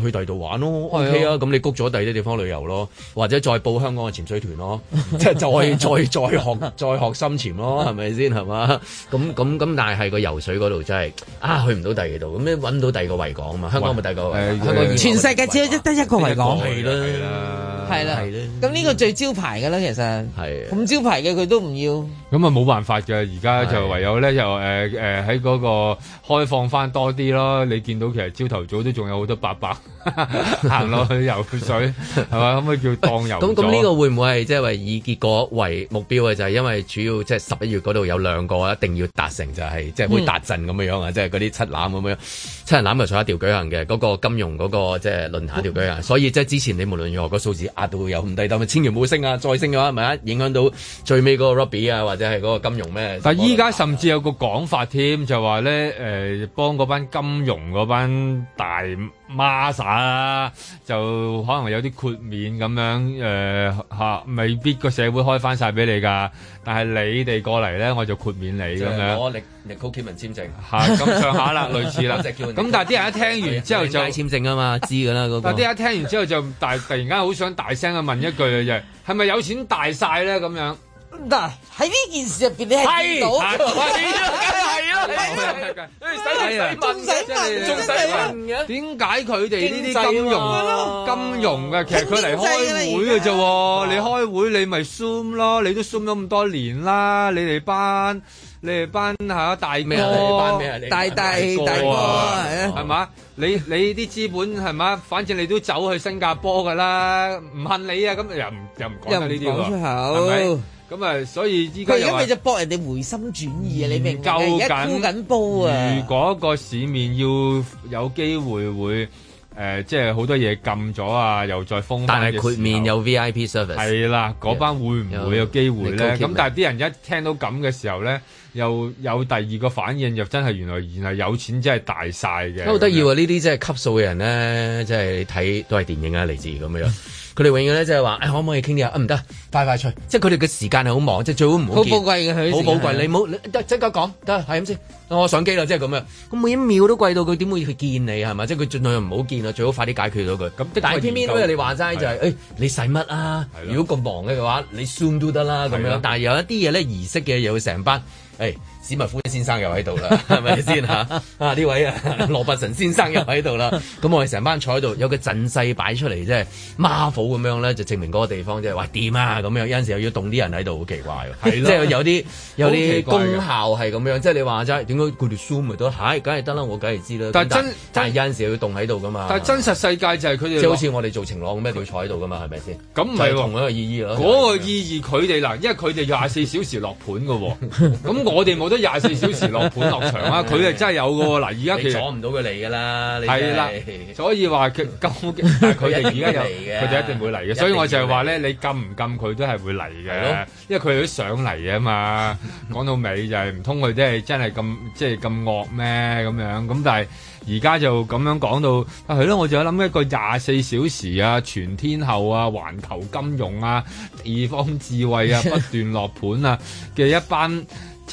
去第二度玩咯，O K 啊！咁你谷咗第二啲地方旅遊咯，或者再報香港嘅潛水團咯，即係再再再學再學深潛咯，係咪先係嘛？咁咁咁，但係個個游水嗰度真係啊，去唔到第二度，咁你揾到第二個維港啊嘛！香港冇第二個維港，全世界只係得一個維港，係啦，係啦。咁呢個最招牌嘅啦，其實，咁招牌嘅佢都唔要。咁啊冇辦法嘅，而家就唯有咧就誒誒喺嗰個開放翻多啲咯。你見到其實朝頭早都仲有好多伯伯行 落去游水，係嘛 可唔可以叫當遊咗。咁咁呢個會唔會係即係為以結果為目標嘅？就係、是、因為主要即係十一月嗰度有兩個一定要達成就係即係會達陣咁樣啊，即係嗰啲七欖咁樣，七人欖又上一調舉行嘅嗰、那個金融嗰、那個即係論壇調舉行，嗯、所以即係、就是、之前你無論如何個數字壓到有咁低，但咪千祈唔好升啊！再升嘅話，咪、啊、影響到最尾嗰個 Rugby 啊或者。即係嗰個金融咩？但係依家甚至有個講法添，說就話咧誒，幫嗰班金融嗰班大孖沙啦，就可能有啲豁免咁樣誒嚇，未必個社會開翻晒俾你㗎。但係你哋過嚟咧，我就豁免你咁樣。我力你企級文簽證咁上下啦， 類似啦，咁。 但係啲人一聽完之後就簽證啊嘛，知㗎啦嗰個。但係啲人一聽完之後就大突然間好想大聲去問一句啊，就係咪有錢大晒咧？咁樣。嗱，喺呢件事入邊，你係到係啊，梗係係啊，係啊，誒使使問仲使問嘅？點解佢哋呢啲金融金融嘅？其實佢嚟開會嘅啫喎，你開會你咪 Zoom 咯，你都 Zoom 咗咁多年啦。你哋班你哋班嚇大哥，大大大哥係嘛？你你啲資本係嘛？反正你都走去新加坡噶啦，唔恨你啊！咁又唔又唔講呢啲喎，係咁誒、嗯，所以依家又佢而家咪就博人哋回心轉意啊！你明？夠緊？明明在在啊、如果個市面要有機會會誒、呃，即係好多嘢禁咗啊，又再封。但係佢面有 V I P service 係啦，嗰班會唔會有機會咧？咁但係啲人一聽到咁嘅時候咧，又有第二個反應，又真係原來原來有錢真係大晒嘅。好得意喎！呢啲真係級數嘅人咧，即係睇都係電影啊，嚟自咁樣。佢哋永遠咧，即係話，誒可唔可以傾啲啊？唔得，快快脆，即係佢哋嘅時間係好忙，即係最好唔好。好寶貴嘅佢啲時間，好寶貴。你唔好，得即刻講，得係咁先。我、哦、上機啦，即係咁樣。咁每一秒都貴到，佢點會去見你係咪？即係佢盡量唔好見啊，最好快啲解決到佢。咁、嗯、但係是偏偏都、就是的欸、你話齋就係，誒你使乜啊？的如果咁忙嘅話，你 Zoom 都得啦咁樣。但係有一啲嘢咧儀式嘅，又要成班誒。史密夫先生又喺度啦，係咪先嚇？啊呢位啊，羅拔臣先生又喺度啦。咁我哋成班坐喺度，有個陣勢擺出嚟，即係馬虎咁樣咧，就證明嗰個地方即係哇掂啊咁樣。有陣時又要動啲人喺度，好奇怪即係有啲有啲功效係咁樣。即係你話齋，點解攰亂書咪都，唉，梗係得啦，我梗係知啦。但係真，但係有陣時要動喺度㗎嘛。但係真實世界就係佢哋，即係好似我哋做晴朗咩，佢坐喺度㗎嘛，係咪先？咁唔係同一個意義咯。嗰個意義佢哋嗱，因為佢哋廿四小時落盤嘅喎，咁我哋冇。都廿四小時落盤落場啦，佢係真係有嘅喎。嗱，而家其實阻唔到佢嚟嘅啦。係啦，所以話佢禁佢哋而家有，佢哋一定會嚟嘅。所以我就係話咧，你禁唔禁佢都係會嚟嘅，因為佢都想嚟啊嘛。講到尾就係唔通佢真係真係咁即係咁惡咩咁樣咁？但係而家就咁樣講到係咯，我就諗一個廿四小時啊，全天候啊，環球金融啊，地方智慧啊，不斷落盤啊嘅一班。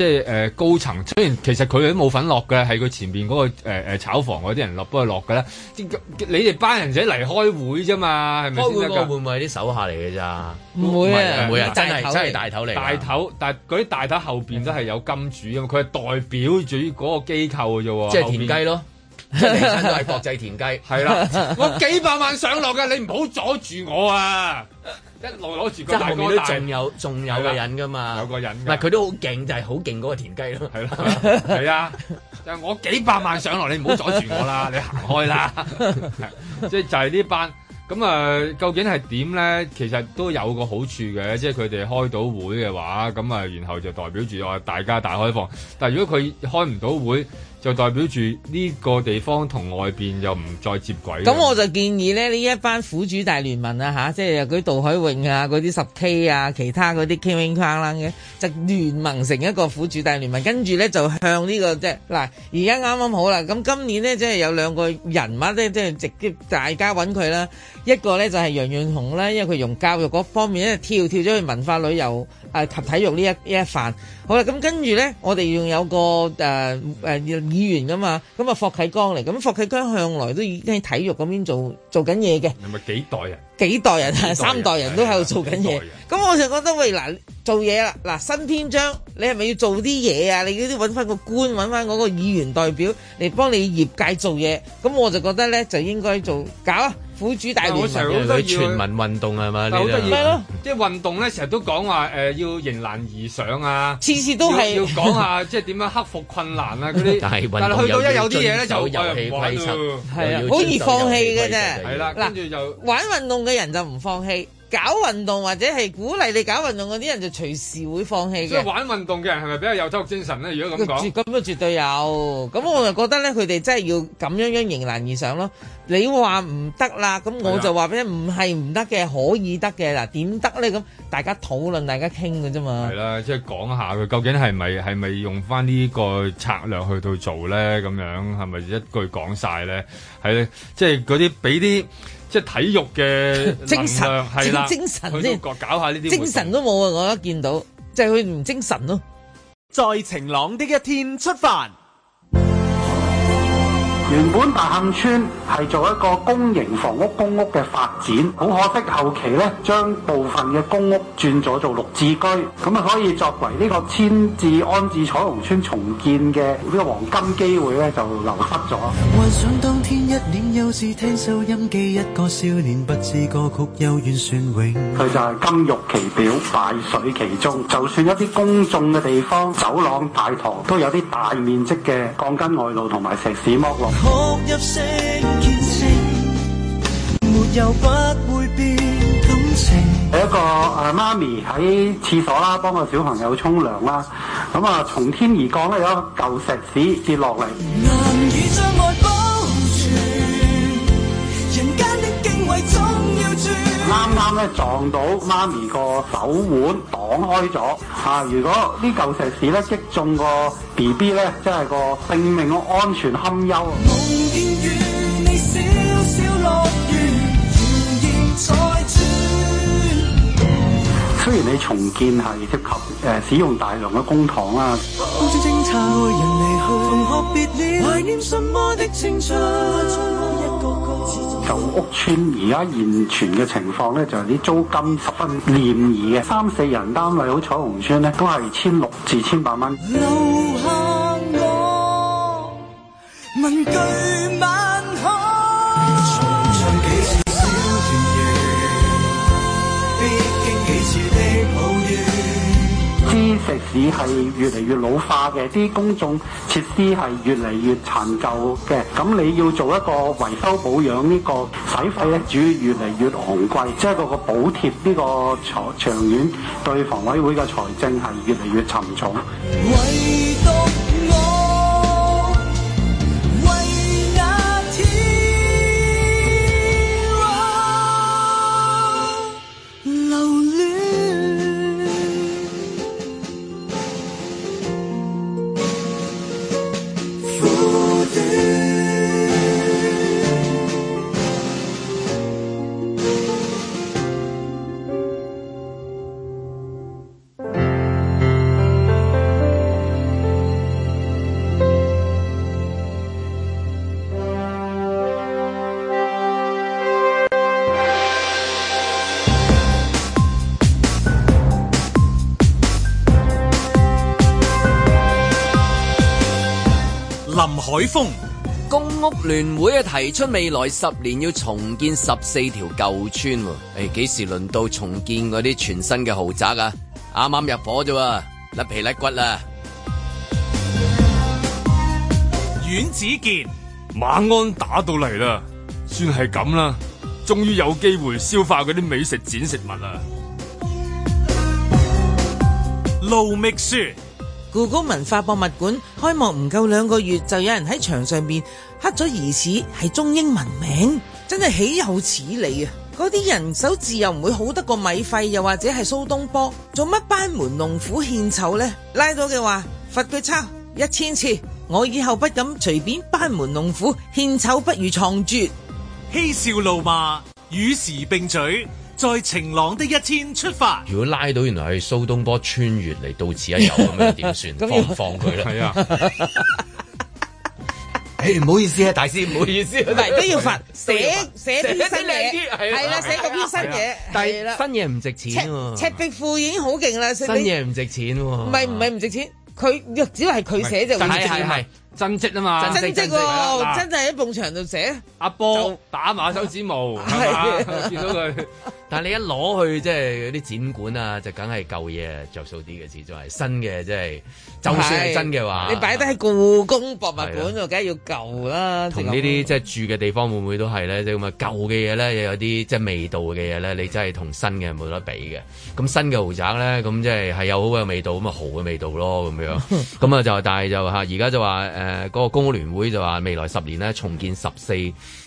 即係、呃、高層，雖然其實佢哋都冇份落嘅，係佢前面嗰、嗰個、呃、炒房嗰啲人落幫佢落㗎啦，你哋班人仔嚟開會咋嘛，係咪先開會嘅，會唔會係啲手下嚟㗎咋？唔會呀、啊，唔、啊、會呀、啊，真係的真係大頭嚟。大頭，但係嗰啲大頭後面都係有金主㗎嘛，佢係代表住嗰個機構㗎。啫喎。即係田雞咯，真係國際田雞。係啦，我幾百萬上落㗎，你唔好阻住我呀、啊。一路攞住個大開都仲有仲有個人噶嘛，有個人，唔係佢都好勁，就係好勁嗰個田雞咯，係啦，係啊，就係、我幾百萬上落，你唔好阻住我啦，你行開啦，即係 就係、係、呢班咁啊，究竟係點咧？其實都有個好處嘅，即係佢哋開到會嘅話，咁啊，然後就代表住我大家大開放。但如果佢開唔到會，就代表住呢個地方同外邊又唔再接軌。咁我就建議咧，呢一班苦主大聯盟啊，吓，即係佢渡海泳啊，嗰啲十 K 啊，其他嗰啲 king 嘅，就聯盟成一個苦主大聯盟，跟住咧就向呢個即係嗱，而家啱啱好啦。咁今年呢，即係有兩個人物咧，即係直接大家揾佢啦。一個咧就係楊潤雄啦，因為佢用教育嗰方面咧跳跳咗去文化旅遊及體育呢一呢一範好啦，咁跟住咧，我哋仲有個誒誒、呃呃、議員噶嘛，咁啊霍啟剛嚟，咁霍啟剛向來都已經喺體育邊做做緊嘢嘅。係咪幾代人、啊？幾代人啊，三代人都喺度做緊嘢，咁我就覺得喂嗱做嘢啦，嗱新篇章，你係咪要做啲嘢啊？你嗰啲揾翻個官，揾翻嗰個議員代表嚟幫你業界做嘢，咁我就覺得咧就應該做搞苦主大聯盟，全民運動啊嘛，呢啲咩咯？即係運動咧，成日都講話誒要迎難而上啊，次次都係要講下即係點樣克服困難啊嗰啲，但係去到一有啲嘢咧就油氣揮塵，係啊，好易放棄㗎啫，係啦，跟住就玩運動嘅。啲人就唔放棄搞運動，或者係鼓勵你搞運動嗰啲人就隨時會放棄嘅。即係玩運動嘅人係咪比較有體育精神咧？如果咁講，咁啊絕對有。咁我就覺得咧，佢哋真係要咁樣樣迎難而上咯。你話唔得啦，咁我就話俾你，唔係唔得嘅，可以得嘅。嗱點得咧？咁大家討論，大家傾嘅啫嘛。係啦，即係講下佢究竟係咪係咪用翻呢個策略去到做咧？咁樣係咪一句講曬咧？係即係嗰啲俾啲。即係體育嘅力量神的，精神先。佢都覺搞，搞下呢啲，精神都冇啊！我一見到，即係佢唔精神咯。在晴朗的一天出發。原本大磡村係做一個公營房屋公屋嘅發展，好可惜後期咧將部分嘅公屋轉咗做綠置居，咁啊可以作為呢個遷置安置彩虹村重建嘅呢個黃金機會咧就流失咗。幻想當天一年幼稚聽收音機一個少年不知歌曲幽怨算永。佢就係金玉其表，敗絮其中。就算一啲公眾嘅地方，走廊、大堂都有啲大面積嘅鋼筋外露同埋石屎剝落。有一個啊媽咪喺廁所啦，幫個小朋友沖涼啦，咁啊從天而降咧，有一嚿石屎跌落嚟。啱啱咧，撞到媽咪個手腕擋開咗、啊、如果這呢嚿石屎咧，擊中個 B B 咧，真係個性命安全堪憂。雖然你重建係涉及誒使用大量嘅公帑春、啊。舊屋村而家現存嘅情況咧，就係、是、啲租金十分廉宜嘅，三四人單位，好似彩虹村咧，都係千六至千八蚊。只係越嚟越老化嘅，啲公眾設施係越嚟越殘舊嘅，咁你要做一個維修保養這個洗呢個使費咧，主要越嚟越昂貴，即係嗰個補貼呢個長長遠對房委會嘅財政係越嚟越沉重。風公屋聯會啊提出未來十年要重建十四條舊村，誒、哎，幾時輪到重建嗰啲全新嘅豪宅啊？啱啱入伙啫，甩皮甩骨啦！阮子健，馬鞍打到嚟啦，算係咁啦，終於有機會消化嗰啲美食展食物啦！盧覓雪。故宮文化博物館開幕唔夠兩個月，就有人喺牆上面刻咗疑似係中英文名，真係豈有此理啊！嗰啲人手字又唔會好得過米芾又或者係蘇東坡，做乜班門弄斧獻醜呢？拉到嘅話，罰佢抄一千次，我以後不敢隨便班門弄斧，獻醜不如藏拙，嬉笑怒罵與時並舉。在晴朗的一天出發。如果拉到原來係蘇東坡穿越嚟到此一遊咁樣點算？放放佢啦。係啊。誒，唔好意思啊，大師，唔好意思。唔係都要罰寫寫啲新嘢。係啦，寫啲新嘢。係啦，新嘢唔值錢。赤壁賦已經好勁啦。新嘢唔值錢。唔係唔係唔值錢，佢只係佢寫就係真迹啊嘛。真迹真係喺埲牆度寫。阿波打馬手指毛，係見到佢。但你一攞去即係嗰啲展館啊，就梗係舊嘢着數啲嘅，始終係新嘅即係是就算係真嘅話，你擺得喺故宮博物館度就梗係要舊啦。同呢啲即係住嘅地方會唔會都係咧？即係咁啊，舊嘅嘢咧又有啲即係味道嘅嘢咧，你真係同新嘅冇得比嘅。咁新嘅豪宅咧，咁即係係有好嘅味道，咁啊豪嘅味道咯咁 樣。咁啊就但係就嚇，而家就話誒嗰個工聯會就話未來十年咧重建十四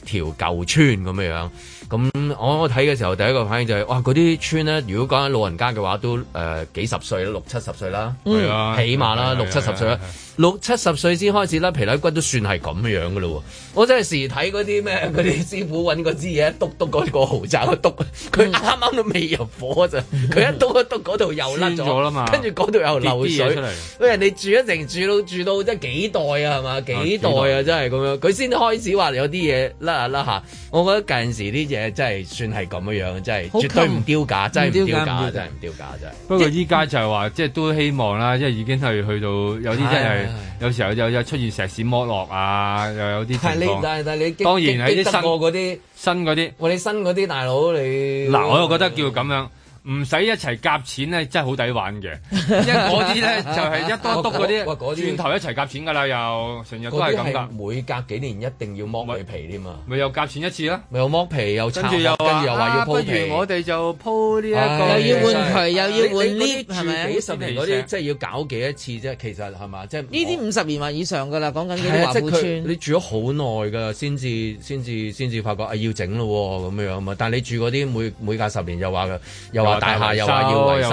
條舊村咁樣。咁我睇嘅時候，第一個反應就係、是、哇，嗰、啊、啲村呢，如果講緊老人家嘅話，都誒、呃、幾十歲啦，六七十歲啦，嗯啊、起碼啦，啊、六七十歲啦。六七十歲先開始啦，甩皮甩骨都算係咁樣嘅咯喎！我真係時睇嗰啲咩嗰啲師傅揾嗰支嘢，督篤嗰豪宅，渣篤，佢啱啱都未入火咋，佢、嗯、一督一篤嗰度又甩咗，跟住嗰度又流水。出嚟。佢人哋住一成住到住到即係幾代啊，係嘛？幾代啊，啊真係咁樣。佢先代開始話有啲嘢甩下甩下，我覺得近陣時啲嘢真係算係咁樣樣，真係近絕對唔丟假，真係唔丟假，真係唔丟假啫。不過依家就係話即係都希望啦，即係已經係去到有啲真係。有時候又又出現石屎剝落啊，又有啲情況，你，但但你，當然係啲新嗰啲新嗰啲。餵你新嗰啲大佬，你嗱，我又覺得叫咁樣。唔使一齊夾錢咧，真係好抵玩嘅。一嗰啲咧就係一多篤嗰啲，轉頭一齊夾錢㗎啦又，成日都係咁㗎。每隔幾年一定要剝佢皮添啊！咪又夾錢一次啦，咪又剝皮又跟住又話。不如我哋就鋪呢一個又要換皮又要換呢，係咪啊？幾十年嗰啲即係要搞幾多次啫？其實係嘛？即係呢啲五十年或以上㗎啦，講緊啲華富邨。你住咗好耐㗎，先至先至先至發覺啊要整咯咁樣啊嘛！但係你住嗰啲每每隔十年又又話。大廈又話要維修，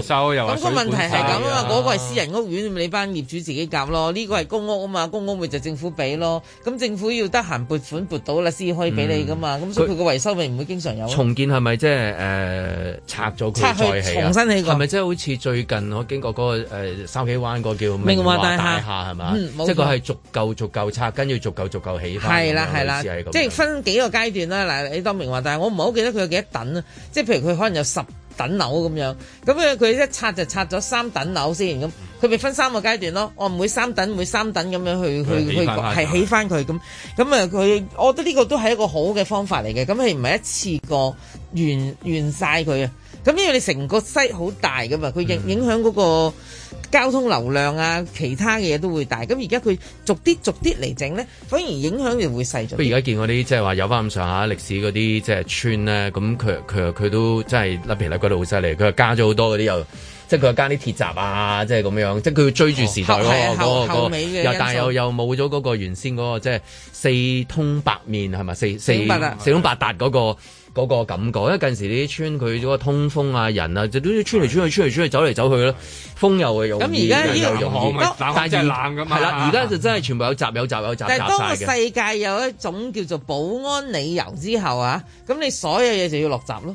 修又咁個問題係咁啊嘛，嗰個係私人屋苑，你班業主自己夾咯。呢個係公屋啊嘛，公屋咪就政府俾咯。咁政府要得閒撥款撥到啦先可以俾你噶嘛。咁所以佢個維修咪唔會經常有重建，係咪即係誒拆咗佢重新起過？係咪即係好似最近我經過嗰個誒筲箕灣個叫明華大廈係嘛？即係佢係逐舊逐舊拆，跟住逐舊逐舊起翻。係啦係啦，即係分幾個階段啦。嗱，你當明華大廈，我唔係好記得佢有幾多等啊。即係譬如佢可能有十。等樓咁樣，咁啊佢一拆就拆咗三等樓先，咁佢咪分三個階段咯。我唔會三等唔會三等咁樣去去去係起翻佢咁，咁啊佢，我覺得呢個都係一個好嘅方法嚟嘅。咁佢唔係一次過完完晒佢啊。咁因為你成個西好大噶嘛，佢影影響嗰個。嗯交通流量啊，其他嘅嘢都會大。咁而家佢逐啲逐啲嚟整咧，反而影響就會細咗。不過而家見嗰啲即係話有翻咁上下歷史嗰啲即係村咧，咁佢佢佢都即係甩皮甩骨得好犀利。佢又加咗好多嗰啲又即係佢又加啲鐵閘啊，即係咁樣，即係佢要追住時代嗰又但係又又冇咗嗰個原先嗰個即係四通八面係咪？四四四通八達嗰個。嗰個感覺，因為近時啲邨佢嗰個通風啊、人啊，就都要穿嚟穿去、穿嚟穿去、走嚟走去咯，風又會容易，這個、又容易。但係而家係啦，而家就，就真係全部有閘、有閘、有閘。但係當個世界有一種叫做保安理由之後啊，咁你所有嘢就要落閘咯。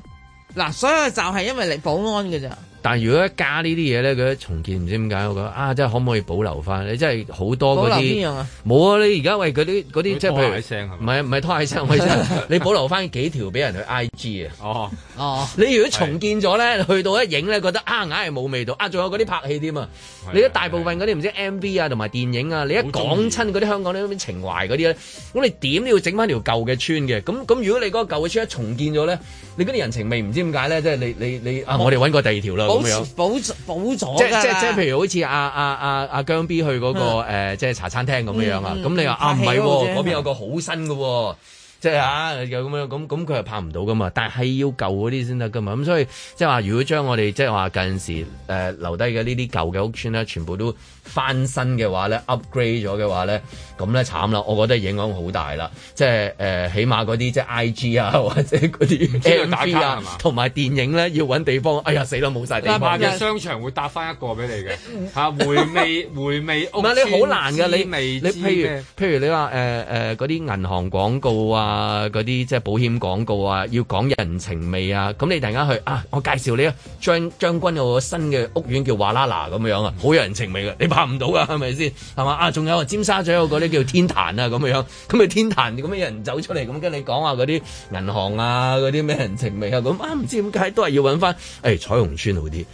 嗱，所有嘅閘係因為你保安嘅咋。但係如果一加呢啲嘢咧，佢重建唔知點解，我覺得啊，即係可唔可以保留翻？你真係好多嗰啲冇啊！你而家喂嗰啲啲即係譬如，唔係唔係拖起聲，你保留翻幾條俾人去 I G 啊？哦哦，你如果重建咗咧，去到一影咧，覺得啊，硬係冇味道啊！仲有嗰啲拍戲添啊！你一大部分嗰啲唔知 M V 啊同埋電影啊，你一講親嗰啲香港啲嗰啲情懷嗰啲咧，咁你點都要整翻條舊嘅村嘅？咁咁如果你嗰個舊嘅村一重建咗咧，你嗰啲人情味唔知點解咧？即係你你你啊！我哋揾過第二條囉。保保保咗即係即係即係，譬如好似阿阿阿阿姜 B 去嗰個誒、嗯呃，即係茶餐廳咁樣樣、嗯、說啊！咁你話啊，唔係喎，嗰邊有個好新嘅喎。即係又咁樣咁咁，佢係拍唔到噶嘛？但係要舊嗰啲先得噶嘛？咁所以即係話，如果將我哋即係話近時誒、呃、留低嘅呢啲舊嘅屋邨咧，全部都翻新嘅話咧，upgrade 咗嘅話咧，咁咧慘啦，我覺得影響好大啦、就是呃。即係誒，起碼嗰啲即係 I G 啊，或者嗰啲 MV 啊，同埋電影咧要搵地方，哎呀死啦，冇晒地方。哪怕嘅商場會搭翻一個俾你嘅吓、啊，回味回味屋邨唔係你好難噶，你知未知你，你譬如麼譬如你話誒誒嗰啲銀行廣告啊。啊！嗰啲即係保險廣告啊，要講人情味啊。咁你突然間去啊，我介紹你啊，將將軍有個新嘅屋苑叫華拉娜咁樣啊，好有人情味啊。你拍唔到噶，係咪先？係嘛啊？仲有啊，尖沙咀有嗰啲叫天壇啊樣，咁樣咁啊天壇咁有人走出嚟咁，跟你講下嗰啲銀行啊，嗰啲咩人情味啊，咁啊唔知點解都係要搵翻誒彩虹村好啲。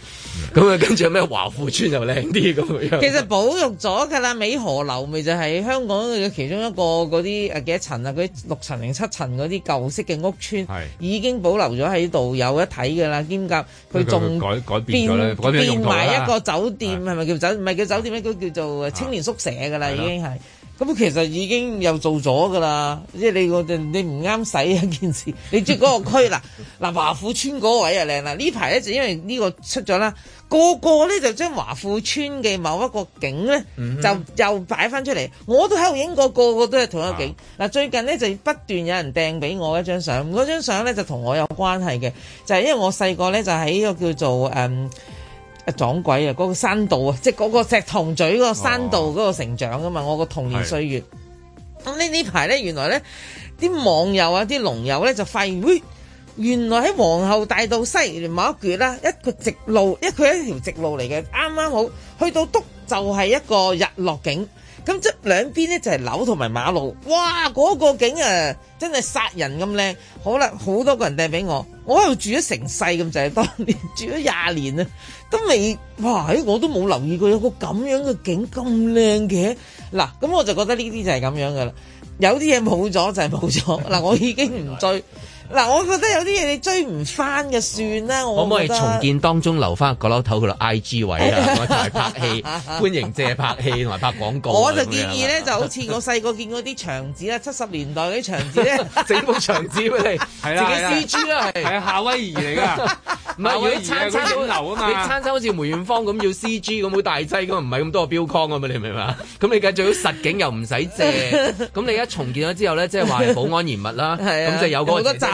咁啊， 跟住有咩華富村又靚啲咁樣。 其實保育咗㗎啦，美荷樓咪就係香港嘅其中一個嗰啲誒幾多層啊？啲六層定七層嗰啲舊式嘅屋村，係是已經保留咗喺度有一睇㗎啦。兼夾佢仲改改變咗，改變埋一個酒店係咪叫酒？唔係是叫酒店咧，佢叫，是叫做青年宿舍㗎啦，已經係。咁其實已經又做咗㗎啦，即係你我你唔啱使一件事，你知嗰個區嗱嗱 華富村嗰位啊靚啦，呢排咧就因為呢個出咗啦，個個咧就將華富村嘅某一個景咧就又擺翻出嚟，我都喺度影過，個個都係同一個景。嗱、啊、最近咧就不斷有人掟俾我一張相，嗰張相咧就同我有關係嘅，就係、是、因為我細個咧就喺呢個叫做誒。嗯啊、撞鬼啊！嗰、那個山道啊，即係嗰個石塘咀嗰個山道嗰個成長㗎嘛。哦、我個童年歲月咁呢？呢排是呢，原來呢啲網友啊、啲龍友呢，就發現，喂，原來喺皇后大道西某一橛啦、啊，一個直路，佢係一條直路嚟嘅，啱啱好去到篤就係一個日落景咁，即兩邊呢就係樓同埋馬路。哇！嗰、那個景啊，真係殺人咁靚。好啦，好多個人掟俾我，我喺度住咗成世咁，就係、是、當年住咗廿年啊。都未哇！我都冇留意過有個咁樣嘅景咁靚嘅。嗱，咁我就覺得呢啲就係咁樣噶啦。有啲嘢冇咗就係冇咗。嗱，我已經唔追。嗱，我覺得有啲嘢你追唔翻嘅算啦。可唔可以重建當中留翻個老頭嗰度 I G 位啦，同埋拍戲，歡迎借拍戲同埋拍廣告。我就建議咧，就好似我細個見嗰啲牆紙啦，七十年代嗰啲牆紙咧，整部牆紙俾你，自己 C G 啦，係夏威夷嚟噶，唔係如果餐餐要流啊嘛，你餐餐好似梅豔芳咁要 C G 咁好大劑，咁唔係咁多個標框啊嘛，你明唔明嘛？咁你梗係最好實景又唔使借，咁你而家重建咗之後咧，即係話保安嚴密啦，咁就有嗰個。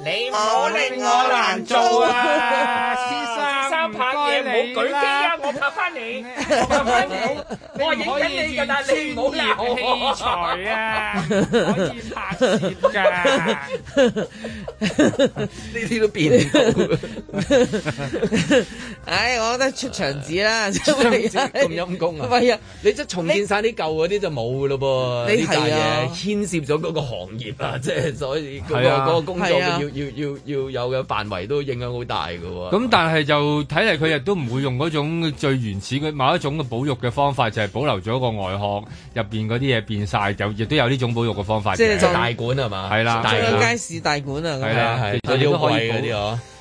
你唔好令我難做啊，先生唔該你啦。我拍翻你，我係可以用專業器材啊，可以拍攝噶。呢啲都變到。唉，我覺得出牆紙啦，咁陰功啊。喂啊，你即係重建晒啲舊嗰啲就冇咯噃，呢扎嘢牽涉咗嗰個行業啊，即係所以嗰個嗰個工作嘅要。要要要有嘅範圍都影響好大㗎喎、啊。咁但係就睇嚟佢亦都唔會用嗰種最原始嘅某一種嘅保育嘅方法，就係、是、保留咗個外殼，入面嗰啲嘢變晒，就亦都有呢種保育嘅方法。即係大館係嘛？係啦，即係館街市大館啊。係啦，係啦，要貴嗰啲啊。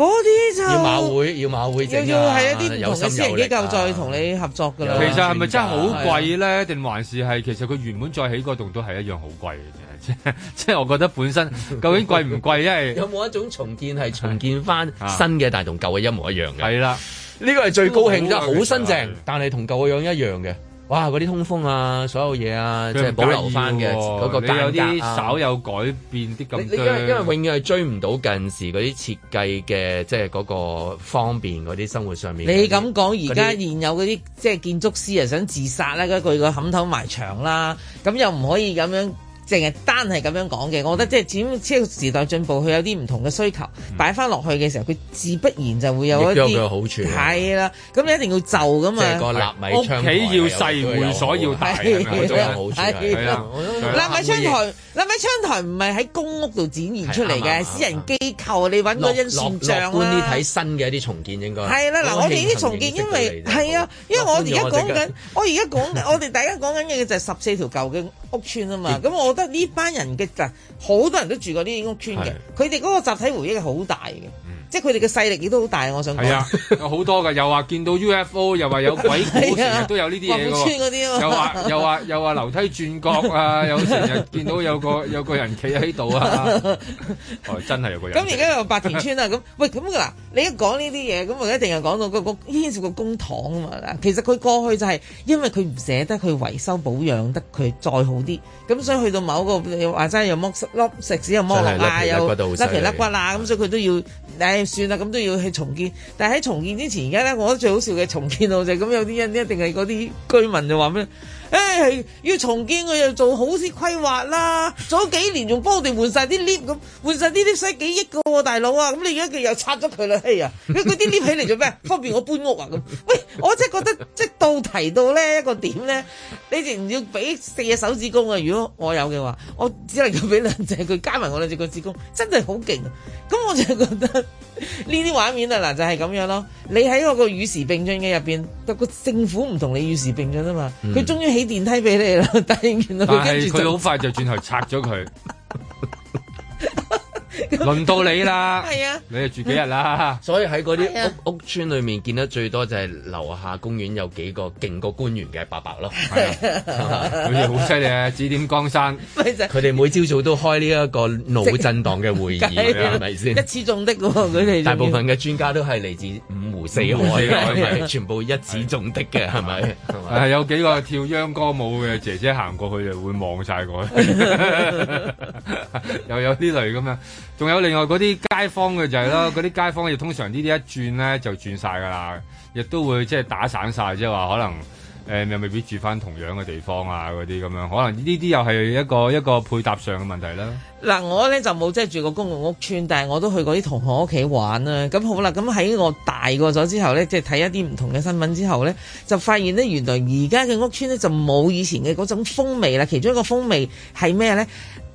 啲就有有要馬會，要馬會證啊！有有要係一啲唔同嘅私人機構再同你合作嘅啦。其實係咪真係好貴咧？定的還是係其實佢原本再起嗰棟都係一樣好貴嘅啫？即即係我覺得本身究竟貴唔貴，因為 有冇一種重建係重建翻新嘅， 但係同舊嘅一模一樣嘅。係啦，呢個係最高興啫，好新淨，是的但係同舊嘅樣一,一樣嘅。哇！嗰啲通風啊，所有嘢啊，即係保留翻嘅嗰個間隔少有改變啲咁。你你因為因為永遠係追唔到近時嗰啲設計嘅，即係嗰個方便嗰啲生活上面。你咁講，而家現有嗰啲即係建築師啊，想自殺啦，佢個個冚頭埋牆啦，咁又唔可以咁樣。淨係單係咁樣講嘅，我覺得即係始終，時代進步，佢有啲唔同嘅需求，擺翻落去嘅時候，佢自不然就會有一啲嘅好處。係啦，咁你一定要就噶嘛。即係納米企要細，會所要大。納米窗台，納米窗台唔係喺公屋度展現出嚟嘅，私人機構你揾嗰陣觀啲睇新嘅一啲重建應該。係啦，嗱，我哋啲重建因為係啊，因為我哋而家講緊，我而家講緊，我哋大家講緊嘅嘢就係十四條舊嘅。屋邨啊嘛，咁我覺得呢班人嘅就好多人都住過呢啲屋邨嘅，佢哋嗰個集體回憶好大嘅。即係佢哋嘅勢力亦都好大，我想係啊，有好多㗎。又話見到 UFO，又話有鬼，成、啊、日都有呢啲嘢喎。村嗰啲，又話又話又話樓梯轉角啊，有成 日見到有個有個人企喺度啊， 哦、真係有個人。咁而家又白田村啊。咁喂，咁啦你一講呢啲嘢，咁一定係講到、那個個牽涉個公堂啊嘛。其實佢過去就係因為佢唔捨得佢維修保養得佢再好啲，咁所以去到某個你話齋又剝剝石屎又剝落啊，又甩皮甩骨咁所以佢都要算啦，咁都要去重建。但係喺重建之前，而家咧，我覺得最好笑嘅重建路就係咁，有啲人一定係嗰啲居民就話咩？誒、哎，要重建佢又做好啲規劃啦，早幾年仲幫我哋換晒啲 lift 咁，換曬呢啲使幾億嘅喎，大佬啊，咁、啊、你而家佢又拆咗佢啦，嘿呀、啊，佢嗰啲 lift 起嚟做咩？方便我搬屋啊咁。喂，我真係覺得即係到提到呢一個點咧，你哋唔要俾四隻手指公啊？如果我有嘅話，我只能夠俾兩隻佢加埋我兩隻腳趾公，真係好勁。咁我就覺得呢啲畫面啊，嗱就係咁樣咯。你喺嗰個與時並進嘅入邊，個政府唔同你與時並進啊嘛，佢終於俾電梯俾你啦，突然見到佢跟住佢好快就轉頭拆咗佢。 輪到你啦，係啊！你係住幾日啦？所以喺嗰啲屋屋村裏面見得最多就係樓下公園有幾個勁個官員嘅伯伯咯，佢哋好犀利啊！指點江山，佢哋每朝早都開呢一個腦震盪嘅會議，係咪先？一指中的喎，佢哋大部分嘅專家都係嚟自五湖四海，全部一指中的嘅係咪？係有幾個跳秧歌舞嘅姐姐行過去就會望曬我，又有啲類咁樣。仲有另外嗰啲街坊嘅就係、是、囉。嗰啲街坊亦通常呢啲一轉咧就轉晒噶啦，亦都會即係打散晒，即係話可能誒又、呃、未必住翻同樣嘅地方啊嗰啲咁樣，可能呢啲又係一個一個配搭上嘅問題啦。嗱、啊，我咧就冇即係住過公共屋邨，但係我都去過啲同學屋企玩啦、啊。咁好啦，咁喺我大個咗之後咧，即係睇一啲唔同嘅新聞之後咧，就發現咧原來而家嘅屋邨咧就冇以前嘅嗰種風味啦。其中一個風味係咩咧？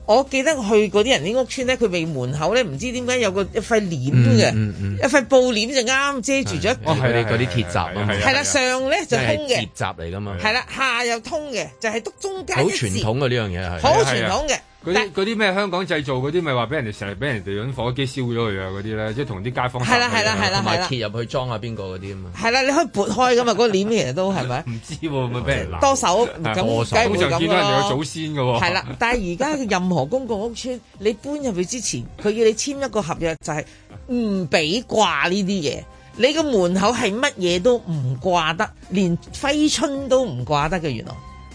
我記得去嗰啲人啲屋村咧，佢哋門口咧，唔知點解有個一塊簾嘅，一塊布簾就啱、嗯嗯嗯、遮住咗、啊。哦，係你嗰啲鐵閘係啦，上咧就通嘅，鐵閘嚟㗎嘛，係啦，下又通嘅，就係、是、督中間。好傳統嘅呢樣嘢係，好、啊啊、傳統嘅。嗰啲啲咩香港製造嗰啲，咪話俾人哋成日俾人哋用火機燒咗佢啊嗰啲咧，即係同啲街坊係啦係啦係啦，同埋貼入去裝下邊個嗰啲啊嘛，係啦，你可以撥開㗎嘛，嗰個簾其實都係咪？唔知喎，唔係咩？多手咁，經常見到人哋有祖先㗎喎。係啦，但係而家嘅任何公共屋邨，你搬入去之前，佢要你簽一個合約，就係唔俾掛呢啲嘢。你個門口係乜嘢都唔掛得，連揮春都唔掛得嘅原來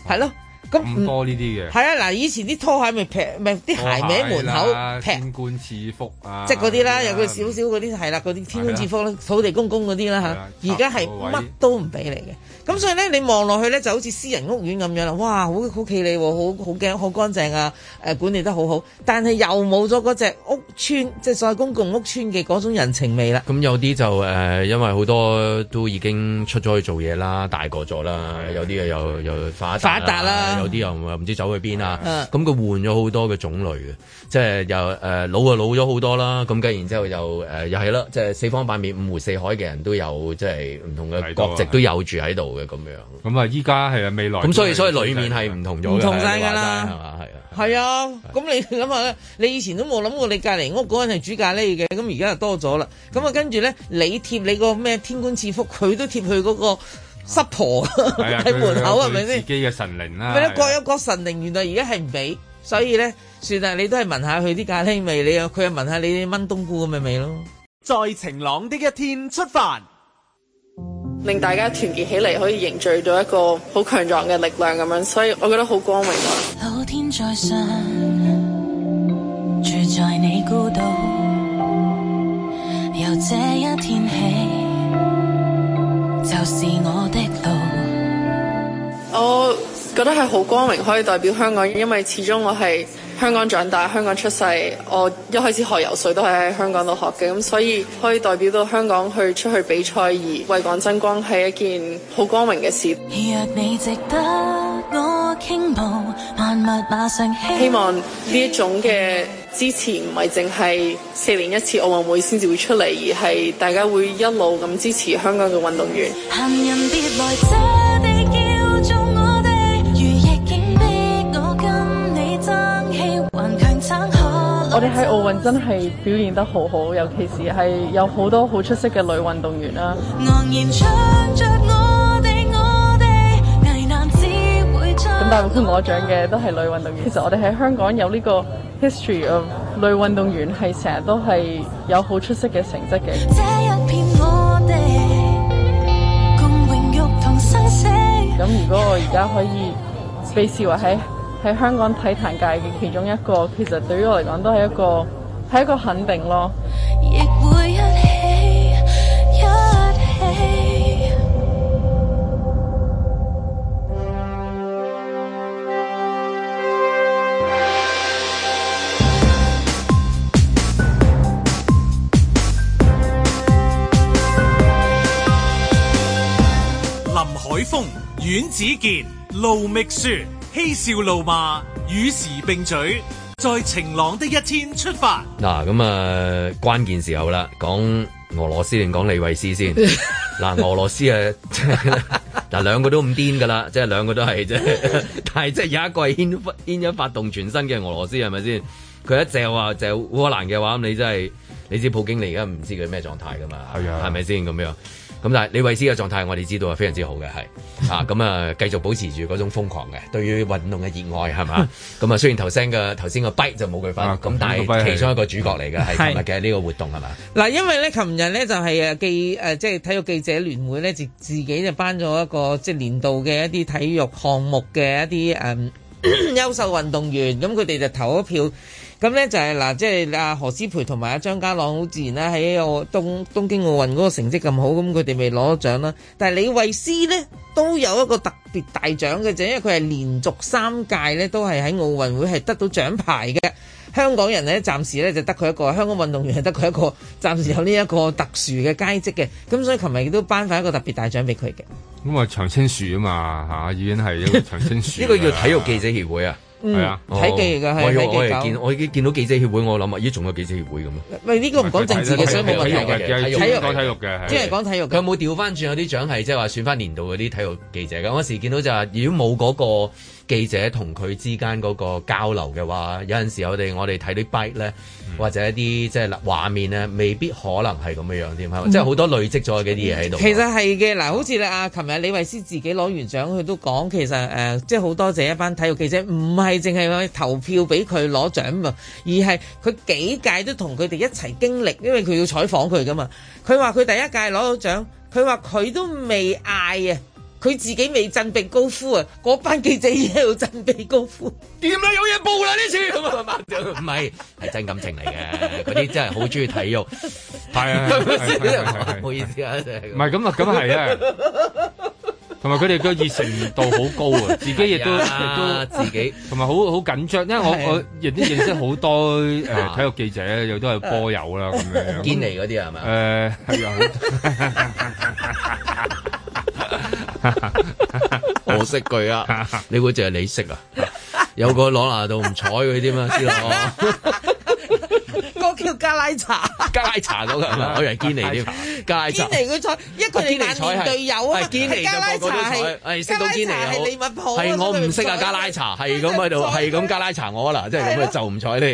係咯。咁那多呢啲嘅係啊！嗱，以前啲拖鞋咪劈，咪啲鞋孭門口劈劈天官賜、啊啦啊、福啊！即係嗰啲啦，有個少少嗰啲係啦，嗰啲天官賜福啦，土地公公嗰啲啦嚇。而家係乜都唔俾你嘅，咁所以咧，你望落去咧就好似私人屋苑咁樣啦。哇，好好企理喎，好麗麗、啊、好驚，好乾淨啊！誒、呃，管理得好好，但係又冇咗嗰隻屋邨，即、就是、所謂公共屋邨嘅嗰種人情味啦。咁有啲就誒、呃，因為好多都已經出咗去做嘢啦，大個咗啦，有啲嘢又又發發達啦。有啲人唔知走去邊啊！咁佢換咗好多嘅種類嘅，即係又誒、呃、老就老咗好多啦。咁跟然之後又誒、呃、又係啦，即係四方八面五湖四海嘅人都有，即係唔同嘅國籍都有住喺度嘅咁樣。咁啊，依家係啊未來。咁所以所以裏面係唔同咗唔同晒㗎啦，係啊。係啊，咁你咁啊？你以前都冇諗過你隔離屋嗰人係煮咖喱嘅，咁而家就多咗啦。咁啊，跟住咧你貼你個咩天官賜福，佢都貼佢嗰個。濕濕婆喺 門口係咪先？自己嘅神靈啦，咩咧各一個神靈，原來而家係唔俾。的所以咧算啦，你都係聞下佢啲咖喱味，你又佢又聞下你啲炆冬菇咁嘅味咯。在晴朗的一天出發，令大家團結起嚟，可以凝聚到一個好強壯嘅力量咁樣，所以我覺得好光榮啊！我覺得係好光榮，可以代表香港，因為始終我係香港長大，香港出世，我一開始學游水都係喺香港度學嘅，咁所以可以代表到香港去出去比賽而為港爭光係一件好光榮嘅事。希望呢一種嘅支持唔係淨係四年一次奧運會先至會出嚟，而係大家會一路咁支持香港嘅運動員。 我哋喺奧運真係表現得好好，尤其是係有好多好出色嘅女運動員啦。咁、嗯、大部分攞獎嘅、嗯、都係女運動員。其實我哋喺香港有呢個 history of 女運動員係成日都係有好出色嘅成績嘅。咁如果我而家可以被視為喺喺香港體壇界嘅其中一個，其實對於我嚟講都係一個，係一個肯定咯。會林海峰、阮子健、盧覓雪。嬉笑怒罵與時並舉，在晴朗的一天出發。嗱、啊，咁啊關鍵時候啦，講俄羅斯定講李維斯先。嗱、 啊，俄羅斯啊，嗱兩 個都唔癲噶啦，即係兩個都係啫。 但係即係有一個牽一牽一發動全身嘅俄羅斯係咪先？佢一淨係話就係烏克蘭嘅話，你真係你知普京你知，你而家唔知佢咩狀態噶嘛？係啊，係咪先咁樣？咁但係李慧詩嘅狀態，我哋知道係非常之好嘅，係啊，咁、嗯、啊，繼續保持住嗰種瘋狂嘅對於運動嘅熱愛，係嘛？咁啊、 嗯，雖然頭先嘅頭先個 Bite 就冇佢份，咁、嗯、但係其中一個主角嚟嘅，係琴日嘅呢個活動係嘛？嗱，因為咧，琴日咧就係、記呃、即係體育記者聯會咧自自己就頒咗一個即係年度嘅一啲體育項目嘅一啲誒、嗯、 優秀運動員，咁佢哋就投一票。咁咧就係、是、嗱，即係阿何詩蓓同埋阿張家朗好自然啦，喺個東東京奧運嗰個成績咁好，咁佢哋未攞咗獎啦。但係李慧詩呢，都有一個特別大獎嘅啫，因為佢係連續三屆呢，都係喺奧運會係得到獎牌嘅。香港人呢，暫時呢，就得佢一個香港運動員，得佢一個暫時有呢一個特殊嘅階職嘅。咁所以琴日亦都頒發一個特別大獎俾佢嘅。咁啊，長青樹啊嘛嚇，已經係一個長青樹。呢 個叫體育記者協會啊。係啊，體記嘅，噶，記。我已我已經見到記者協會，我諗啊，咦，仲有記者協會咁啊？咪呢個唔講政治嘅，所以冇問題嘅。體育講體育嘅，即係講體育。佢有冇調翻轉有啲獎係即係話選翻年度嗰啲體育記者嘅？我時見到就係、是，如果冇嗰個記者同佢之間嗰個交流嘅話，有陣時候我哋我哋睇啲 bite 咧，嗯、或者一啲即係畫面咧，未必可能係咁嘅樣添，嗯、即係好多累積咗嘅啲嘢喺度。其實係嘅，嗱、呃，好似阿琴日李慧詩自己攞完獎，佢都講其實即係好多謝一班體育記者，唔係。係淨係去投票俾佢攞獎嘛，而係佢幾屆都同佢哋一齊經歷，因為佢要採訪佢噶嘛。佢話佢第一屆攞到獎，佢話佢都未嗌啊，佢自己未振臂高呼啊，嗰班記者喺度振臂高呼，掂啦有嘢報啦，呢次咁啊，班長唔係，係真感情嚟嘅，嗰啲真係好中意體育，係啊，係啊，係啊，唔好意思啊，唔係咁啊，咁係啊。同埋佢哋嘅熱誠度好高啊，自己亦都亦都自己，同埋好好緊張，因為我我認認識好多誒體育記者，又都係波友啦咁樣，堅尼嗰啲係咪？誒係啊，我識佢啊，你估淨係你識啊？有個攞拿度唔睬佢添啊，司諾。個叫加拉茶，加拉茶都噶，我以為堅尼添，堅尼佢彩一個堅尼彩隊友啊，加拉茶係，係識到堅尼利物浦，係我唔識啊加拉茶，係咁喺度，係咁加拉茶我啦，即係咁啊就唔睬你，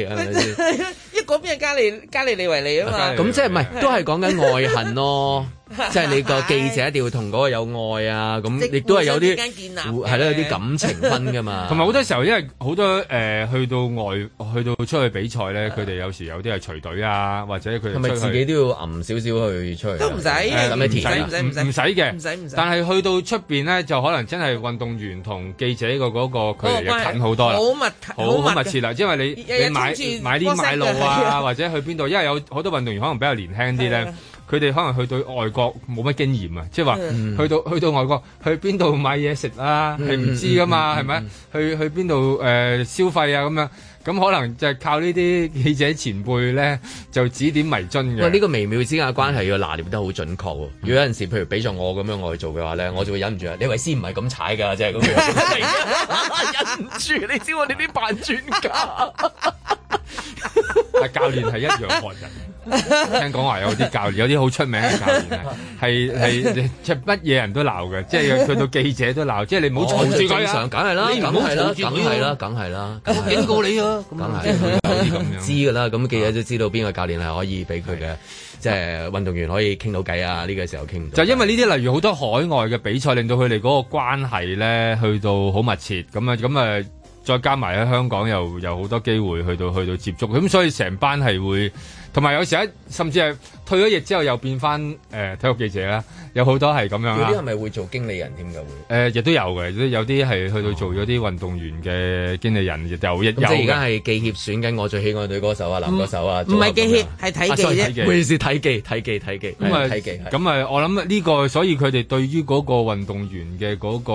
一講邊係加利加利利維利啊嘛，咁即係唔係都係講緊外行咯。即係你個記者一定要同嗰個有愛啊！咁亦都係有啲係咯，有啲感情分噶嘛。同埋好多時候，因為好多誒去到外去到出去比賽咧，佢哋有時有啲係隨隊啊，或者佢哋自己都要揼少少去出去。都唔使，唔使，唔使，唔使嘅。唔使，唔使。但係去到出面咧，就可能真係運動員同記者個嗰個距離近好多。好密切，好密切啦，因為你你買啲買路啊，或者去邊度，因為有好多運動員可能比較年輕啲咧。佢哋可能去對外國冇乜經驗啊，即係話去到去到外國，就是，去邊度，嗯、買嘢食啊，係唔知噶嘛，係咪，嗯嗯嗯嗯。去去邊度誒消費啊咁樣，咁可能就係靠呢啲記者前輩咧就指點迷津嘅。呢、嗯這個微妙之間嘅關係要拿捏得好準確。如果有陣時譬如俾咗我咁樣我去做嘅話咧，我就會忍唔住啊！ 你為師唔係咁踩㗎，即係咁樣。 忍唔住，你知我哋啲扮專家。 教練係一樣害人。聽講話有啲教練，有啲好出名嘅教練啊，係係即係乜嘢人都鬧嘅，即係去到記者都鬧，即係你唔好嘈住佢啊！正常梗係啦，梗係啦，梗係啦，梗係啦，警告你啊！梗係知噶啦，咁記者都知道邊個教練係可以俾佢嘅，即係運動員可以傾到偈啊，呢個時候傾就因為呢啲，例如好多海外嘅比賽，令到佢哋嗰個關係咧，去到好密切咁啊，咁啊，再加埋喺香港又又好多機會，去到去到接觸，咁所以成班係會。同埋有時一甚至係退咗役之後又變翻誒體育記者啦，有好多係咁樣啦。嗰啲係咪會做經理人添㗎？會誒，亦都有嘅，有啲係去到做咗啲運動員嘅經理人，又又。咁即係而家係記協選緊我最喜愛女歌手啊，男歌手啊。唔係記協，係體記啫。唔係是體記，體記體記。咁啊，體記。咁啊，我諗呢個，所以佢哋對於嗰個運動員嘅嗰個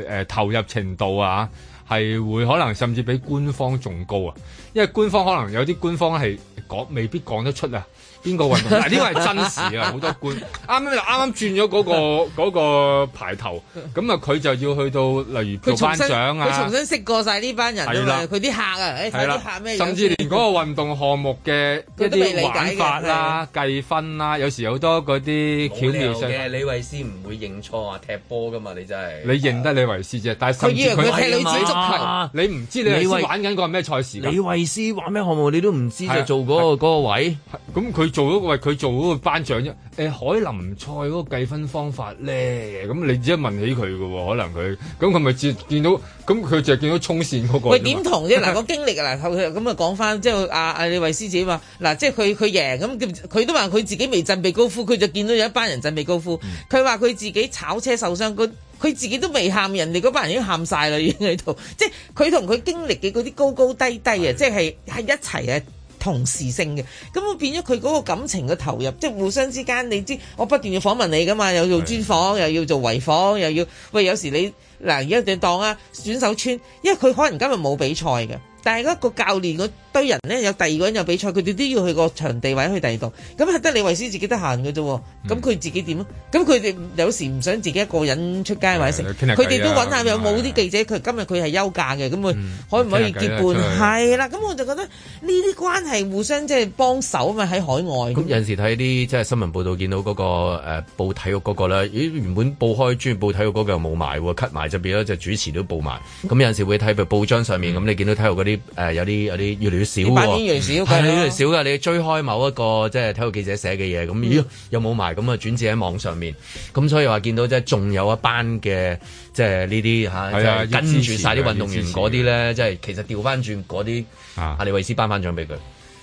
誒投入程度啊。係會可能甚至比官方仲高啊，因為官方可能有啲官方係講未必講得出啊。邊個運動？呢個係真事啊！好多官啱啱又轉咗嗰個個排頭，咁啊佢就要去到例如做班長啊，佢重新識過晒呢班人啦，佢啲客啊，咩？甚至連嗰個運動項目嘅一啲玩法啦、計分啦，有時好多嗰啲巧妙嘅李維斯唔會認錯啊，踢波噶嘛，你真係你認得李維斯啫，但係甚至佢以為佢踢女子足球，你唔知李維斯玩緊嗰個咩賽事？李維斯玩咩項目你都唔知就做嗰個個位，咁佢。做嗰個為佢做嗰個頒獎啫。海林賽嗰個計分方法咧，咁、欸、你係問起佢嘅喎，可能佢咁佢咪見到咁佢就見到衝線嗰個。佢點同啫？嗱， 個經歷嗱，咁啊講翻即係阿阿李慧詩姐啊嘛。嗱，即係佢佢贏咁，佢都話佢自己未振臂高呼，佢就見到有一班人振臂高呼。佢話佢自己炒車受傷，佢自己都未喊，人哋嗰班人已經喊晒啦，已經喺度。即係佢同佢經歷嘅嗰啲高高低低啊，的即係係一齊啊。同時性嘅，咁我變咗佢嗰個感情嘅投入，即係互相之間。你知我不斷要訪問你噶嘛，又做專訪，又要做圍訪，又要喂，有時你嗱，而家就當啊選手村，因為佢可能今日冇比賽嘅，但係嗰個教練個。啲人咧有第二個人有比賽，佢哋都要去個場地位去第二度，咁係得李維斯自己得閒嘅啫。咁佢自己點啊？咁佢哋有時唔想自己一個人出街或者食，佢哋都揾下有冇啲記者。佢今日佢係休假嘅，咁佢可唔可以結伴？係啦，咁我就覺得呢啲關係互相即係幫手啊嘛。喺海外咁有陣時睇啲即係新聞報導，見到嗰個誒報體育嗰個啦。咦，原本報開專報體育嗰個又冇埋，cut 埋就變咗就主持都報埋。咁有陣時會睇報章上面，咁你見到體育嗰啲誒有啲有啲越嚟越。事少喎，係你係少㗎，你追開某一個即係體育記者寫嘅嘢，咁咦又冇埋，咁啊轉至喺網上面，咁所以話見到即係仲有一班嘅即係呢啲嚇，啊、事跟住曬啲運動員嗰啲咧，即係其實調翻轉嗰啲，阿李維斯頒翻獎俾佢。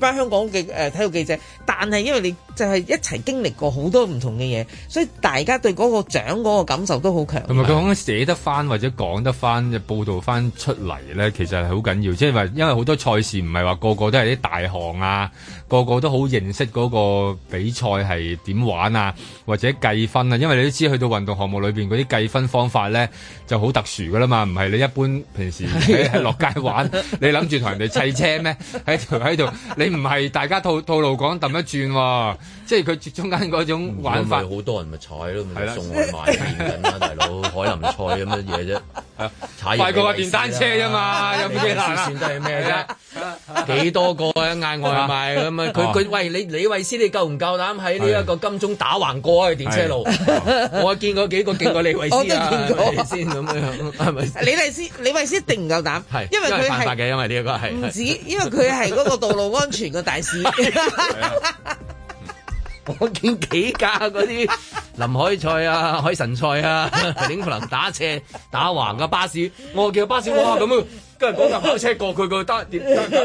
班香港嘅誒體育記者，但係因為你就係一齊經歷過好多唔同嘅嘢，所以大家對嗰個獎嗰個感受都好強。同埋佢講得寫得翻，或者講得翻，報道翻出嚟咧，其實係好緊要。即係話，因為好多賽事唔係話個個都係啲大項啊。個個都好認識嗰個比賽係點玩啊，或者計分啊，因為你都知去到運動項目裏邊嗰啲計分方法咧就好特殊噶啦嘛，唔係你一般平時落街玩，你諗住同人哋砌車咩？喺喺度，你唔係大家套套路講揼一轉，即係佢中間嗰種玩法。好多人咪踩咯，送外賣點啊，大佬海南菜咁乜嘢啫，踩快過架電單車啫嘛，有咩難？算得咩啫？幾多個啊嗌外賣。佢佢，喂，李李慧詩，你夠唔夠膽喺呢一個金鐘打橫過去？電車路，我見過幾個，勁過李慧詩啊，我都見過李慧詩咁樣，係咪？李慧詩，李慧詩一定唔夠膽，係因為佢係犯法嘅，因為呢一個係唔止，因為佢係嗰個道路安全嘅大使。我見幾架嗰啲林海賽啊、海神賽啊、永福林打斜打橫嘅巴士，我叫巴士哇咁樣！跟住嗰架跑車過佢個單，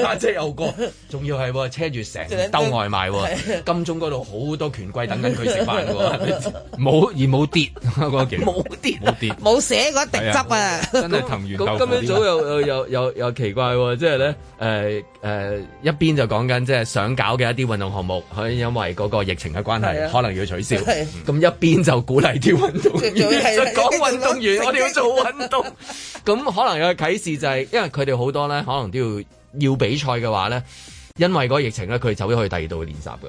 單車又過，仲要係車住成兜外賣喎。金鐘嗰度好多權貴等緊佢食飯喎，冇而冇跌冇跌冇跌冇寫嗰一滴汁啊！真係騰雲。咁今日早又又又又奇怪喎，即係咧誒誒一邊就講緊即係想搞嘅一啲運動項目，佢因為嗰個疫情嘅關係，可能要取消。咁一邊就鼓勵啲運動員講運動員，我哋要做運動。咁可能有啓示就係因為佢哋好多咧，可能都要要比賽嘅話咧，因為嗰個疫情咧，佢走咗去第二度練習噶。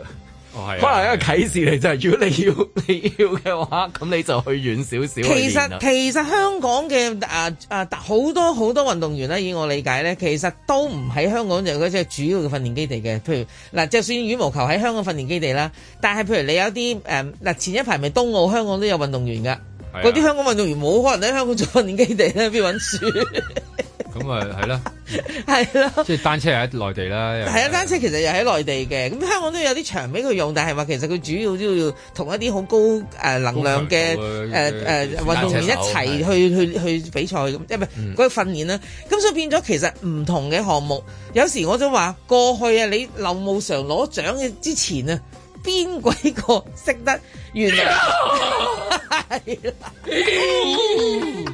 哦，係、啊。可能一個啟示嚟就係、是，如果你要你要嘅話，咁你就去遠少少。其實其實香港嘅啊啊好多好多運動員咧，以我理解咧，其實都唔喺香港就嗰隻主要嘅訓練基地嘅。譬如嗱、啊，就算羽毛球喺香港訓練基地啦，但係譬如你有啲誒嗱，前一排咪冬奧香港都有運動員噶。嗰啲、啊、香港運動員冇可能喺香港做訓練基地咧，邊搵住？ 咁啊，係啦，係啦，即係單車又喺內地啦，係啊，單車其實又喺內地嘅，咁香港都有啲場俾佢用，但係話其實佢主要都要同一啲好高誒能量嘅誒誒運動員一齊去、啊啊、一去去，去，去比賽咁，即係嗰個訓練訓練啦，咁、嗯、所以變咗其實唔同嘅項目，有時我就話過去啊，你劉慕裳攞獎嘅之前啊，邊鬼個識得原來？ 是的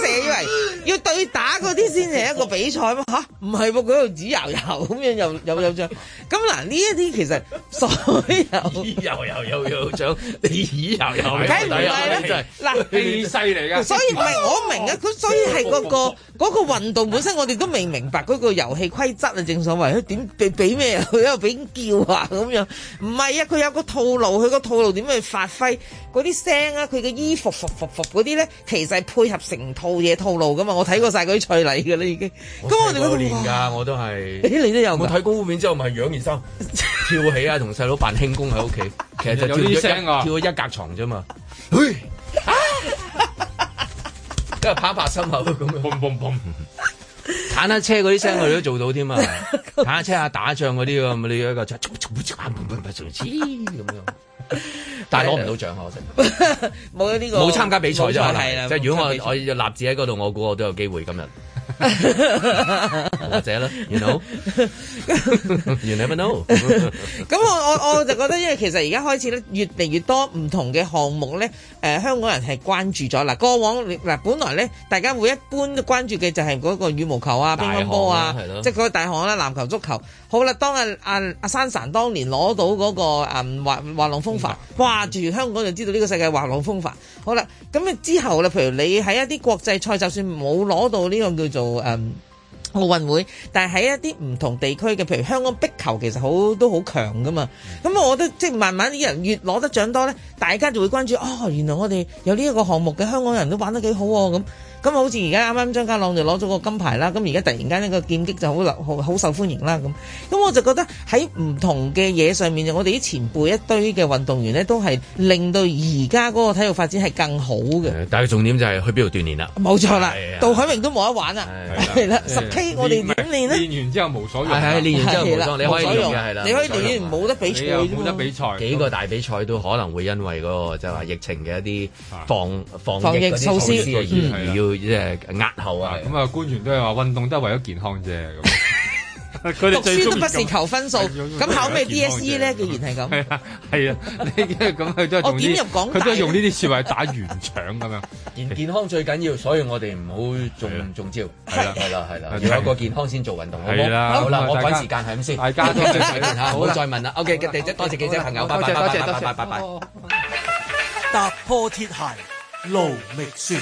你以為要對打嗰啲先係一個比賽嘛？吓，唔係喎，佢又耳油油咁樣又又有獎。咁嗱，呢一啲其實所有耳油油又有獎，耳油油睇唔係啦。嗱，犀利㗎。所以唔係我明啊，咁所以係嗰個嗰個運動本身，我哋都未明白嗰個遊戲規則啊。正所謂點俾俾咩？佢又俾叫啊咁樣。唔係啊，佢有個套路，佢個套路點去發揮嗰啲聲啊？佢嘅衣服服服服嗰啲咧，其實係配合成套。冇嘢套路噶嘛，我睇過晒嗰啲彩禮噶啦，已經。咁我哋點解噶？我都係、哎，你都有冇我睇功夫片之後咪養健身，不是 跳起啊，同細佬扮輕功喺屋企，其實就跳有啲聲噶，跳咗一格床啫嘛。哎，啊，都係拍拍心口咁樣，嘭嘭嘭，坦克車嗰啲聲佢都做到添嘛。坦克車啊打仗嗰啲你一個咁樣。 但係攞唔到獎啊！我成冇咗呢個冇參加比賽就係啦。即係如果我我立志喺嗰度，我估我都有機會今日 或者啦。You know, you never know 咁我我我就覺得，因為其實而家開始咧，越嚟越多唔同嘅項目咧，誒、呃，香港人係關注咗嗱、呃。過往嗱、呃、本來咧，大家會一般關注嘅就係嗰個羽毛球啊、乒乓波啊，即係嗰個大項啦、啊，籃球、足球。好啦，當阿阿阿珊珊當年攞到嗰、那個誒、嗯、滑滑浪風帆，哇、嗯！住香港就知道呢個世界滑浪風帆。好啦，咁啊之後啦，譬如你喺一啲國際賽，就算冇攞到呢個叫做誒奧、嗯、運會，但係喺一啲唔同地區嘅，譬如香港壁球其實好都好強㗎嘛。咁我覺得即係慢慢啲人越攞得獎多咧，大家就會關注哦。原來我哋有呢一個項目嘅香港人都玩得幾好喎、啊、咁。咁好似而家啱啱張家朗就攞咗個金牌啦，咁而家突然間呢個劍擊就好好受歡迎啦咁。咁我就覺得喺唔同嘅嘢上面，我哋啲前輩一堆嘅運動員呢，都係令到而家嗰個體育發展係更好嘅。但係重點就係去邊度鍛鍊啦？冇錯啦，杜海明都冇得玩啦，十 K，我哋點練咧？練完之後無所用。係係，練完之後你可以練，你可以練，冇得比賽，冇得比賽，幾個大比賽都可能會因為嗰個就話話疫情嘅一啲防防疫措施即係押後啊！咁啊，官員都係話運動都係為咗健康啫。佢哋讀書都不是求分數，咁考咩 DSE 咧？既然係咁，係啊，你啊，因為咁啊，都係仲佢都係用呢啲說話打圓場咁樣。健健康最緊要，所以我哋唔好仲中招。係啦，係啦，係啦，有個健康先做運動。係啦，好啦，我搵時間係咁先。大家多謝大家吓，唔好再問啦。OK，記者多謝記者朋友，拜拜，多謝，多謝，拜拜，拜拜。踏破鐵鞋路未熟。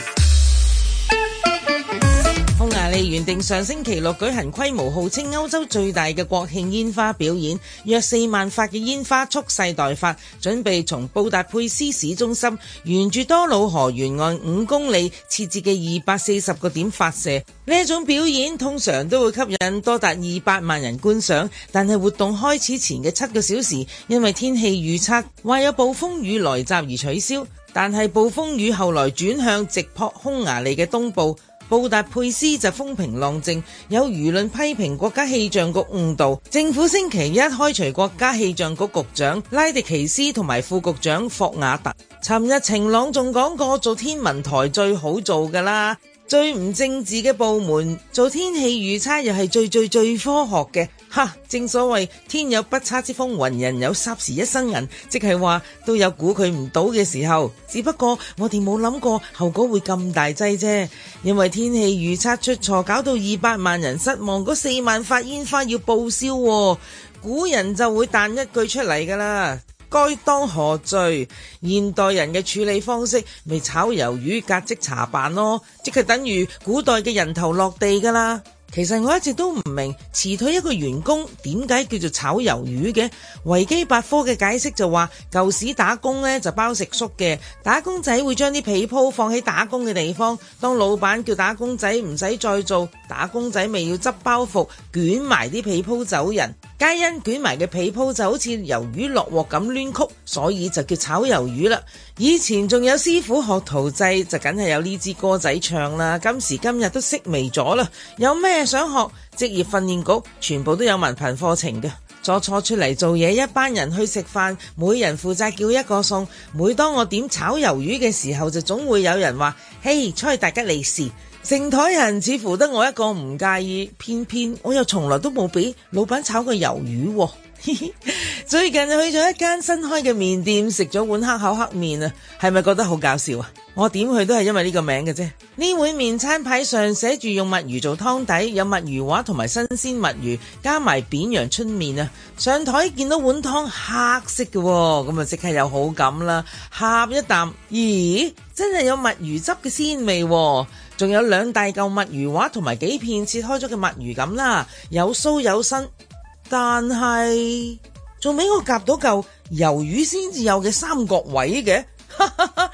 利原定上星期六舉行規模號稱歐洲最大嘅國慶煙花表演，約四萬發嘅煙花蓄勢待發，準備從布達佩斯市中心沿住多瑙河沿岸五公里設置嘅二百四十個點發射。呢一種表演通常都會吸引多達二百萬人觀賞，但係活動開始前嘅七個小時，因為天氣預測話有暴風雨來襲而取消。但係暴風雨後來轉向直撲匈牙利嘅東部。布達佩斯就風平浪靜，有輿論批評國家氣象局誤導，政府星期一開除國家氣象局局長拉迪奇斯同埋副局長霍瓦特。尋日晴朗仲講過，做天文台最好做㗎喇，最唔政治嘅部門，做天氣預測又係最最最科學嘅。哈！正所謂天有不測之風雲，人有霎時一生人，即係話都有估佢唔到嘅時候。只不過我哋冇諗過後果會咁大劑啫。因為天氣預測出錯，搞到二百萬人失望，嗰四萬發煙花要報銷。古人就會彈一句出嚟噶啦，該當何罪？現代人嘅處理方式咪炒魷魚、革職查辦咯，即係等於古代嘅人頭落地噶啦。其實我一直都唔明，辭退一個員工點解叫做炒魷魚嘅？維基百科嘅解釋就話舊時打工呢就包食宿嘅，打工仔會將啲被鋪放喺打工嘅地方，當老闆叫打工仔唔使再做，打工仔咪要執包袱捲埋啲被鋪走人。皆因捲埋嘅被鋪就好似魷魚落鑊咁攣曲，所以就叫炒魷魚啦。以前仲有師傅學徒制，就梗係有呢支歌仔唱啦。今時今日都式微咗啦。有咩想學？職業訓練局全部都有文憑課程嘅。坐坐出嚟做嘢，一班人去食飯，每人負責叫一個餸。每當我點炒魷魚嘅時候，就總會有人話：嘿、hey，出去大吉利是。成台人似乎得我一個唔介意，偏偏我又從來都冇俾老闆炒過魷魚。 最近去咗一間新開嘅麵店，食咗碗黑口黑面啊，係咪覺得好搞笑啊？我點去都係因為呢個名嘅啫。呢碗麵，餐牌上寫住用墨魚做湯底，有墨魚丸同埋新鮮墨魚，加埋扁陽春麵啊。上台見到碗湯黑色嘅，咁啊即刻有好感啦。呷一啖，咦，真係有墨魚汁嘅鮮味，仲有兩大嚿墨魚丸同埋幾片切開咗嘅墨魚咁啦，有酥有新。但係，仲俾我夾到嚿魷魚先至有嘅三角位嘅，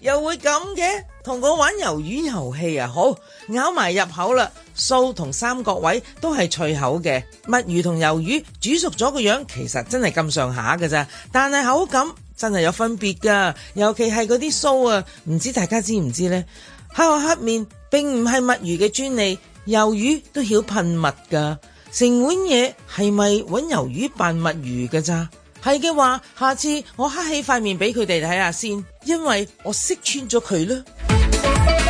又會咁嘅？同我玩魷魚遊戲啊！好，咬埋入口啦，鬚同三角位都係脆口嘅。墨魚同魷魚煮熟咗個樣，其實真係咁上下㗎咋，但係口感真係有分別噶。尤其係嗰啲鬚啊，唔知大家知唔知呢？黑我黑面並唔係墨魚嘅專利，魷魚都曉噴墨噶。成碗嘢係咪揾魷魚扮墨魚㗎咋？係嘅話，下次我黑起塊面俾佢哋睇下先，因為我識穿咗佢啦。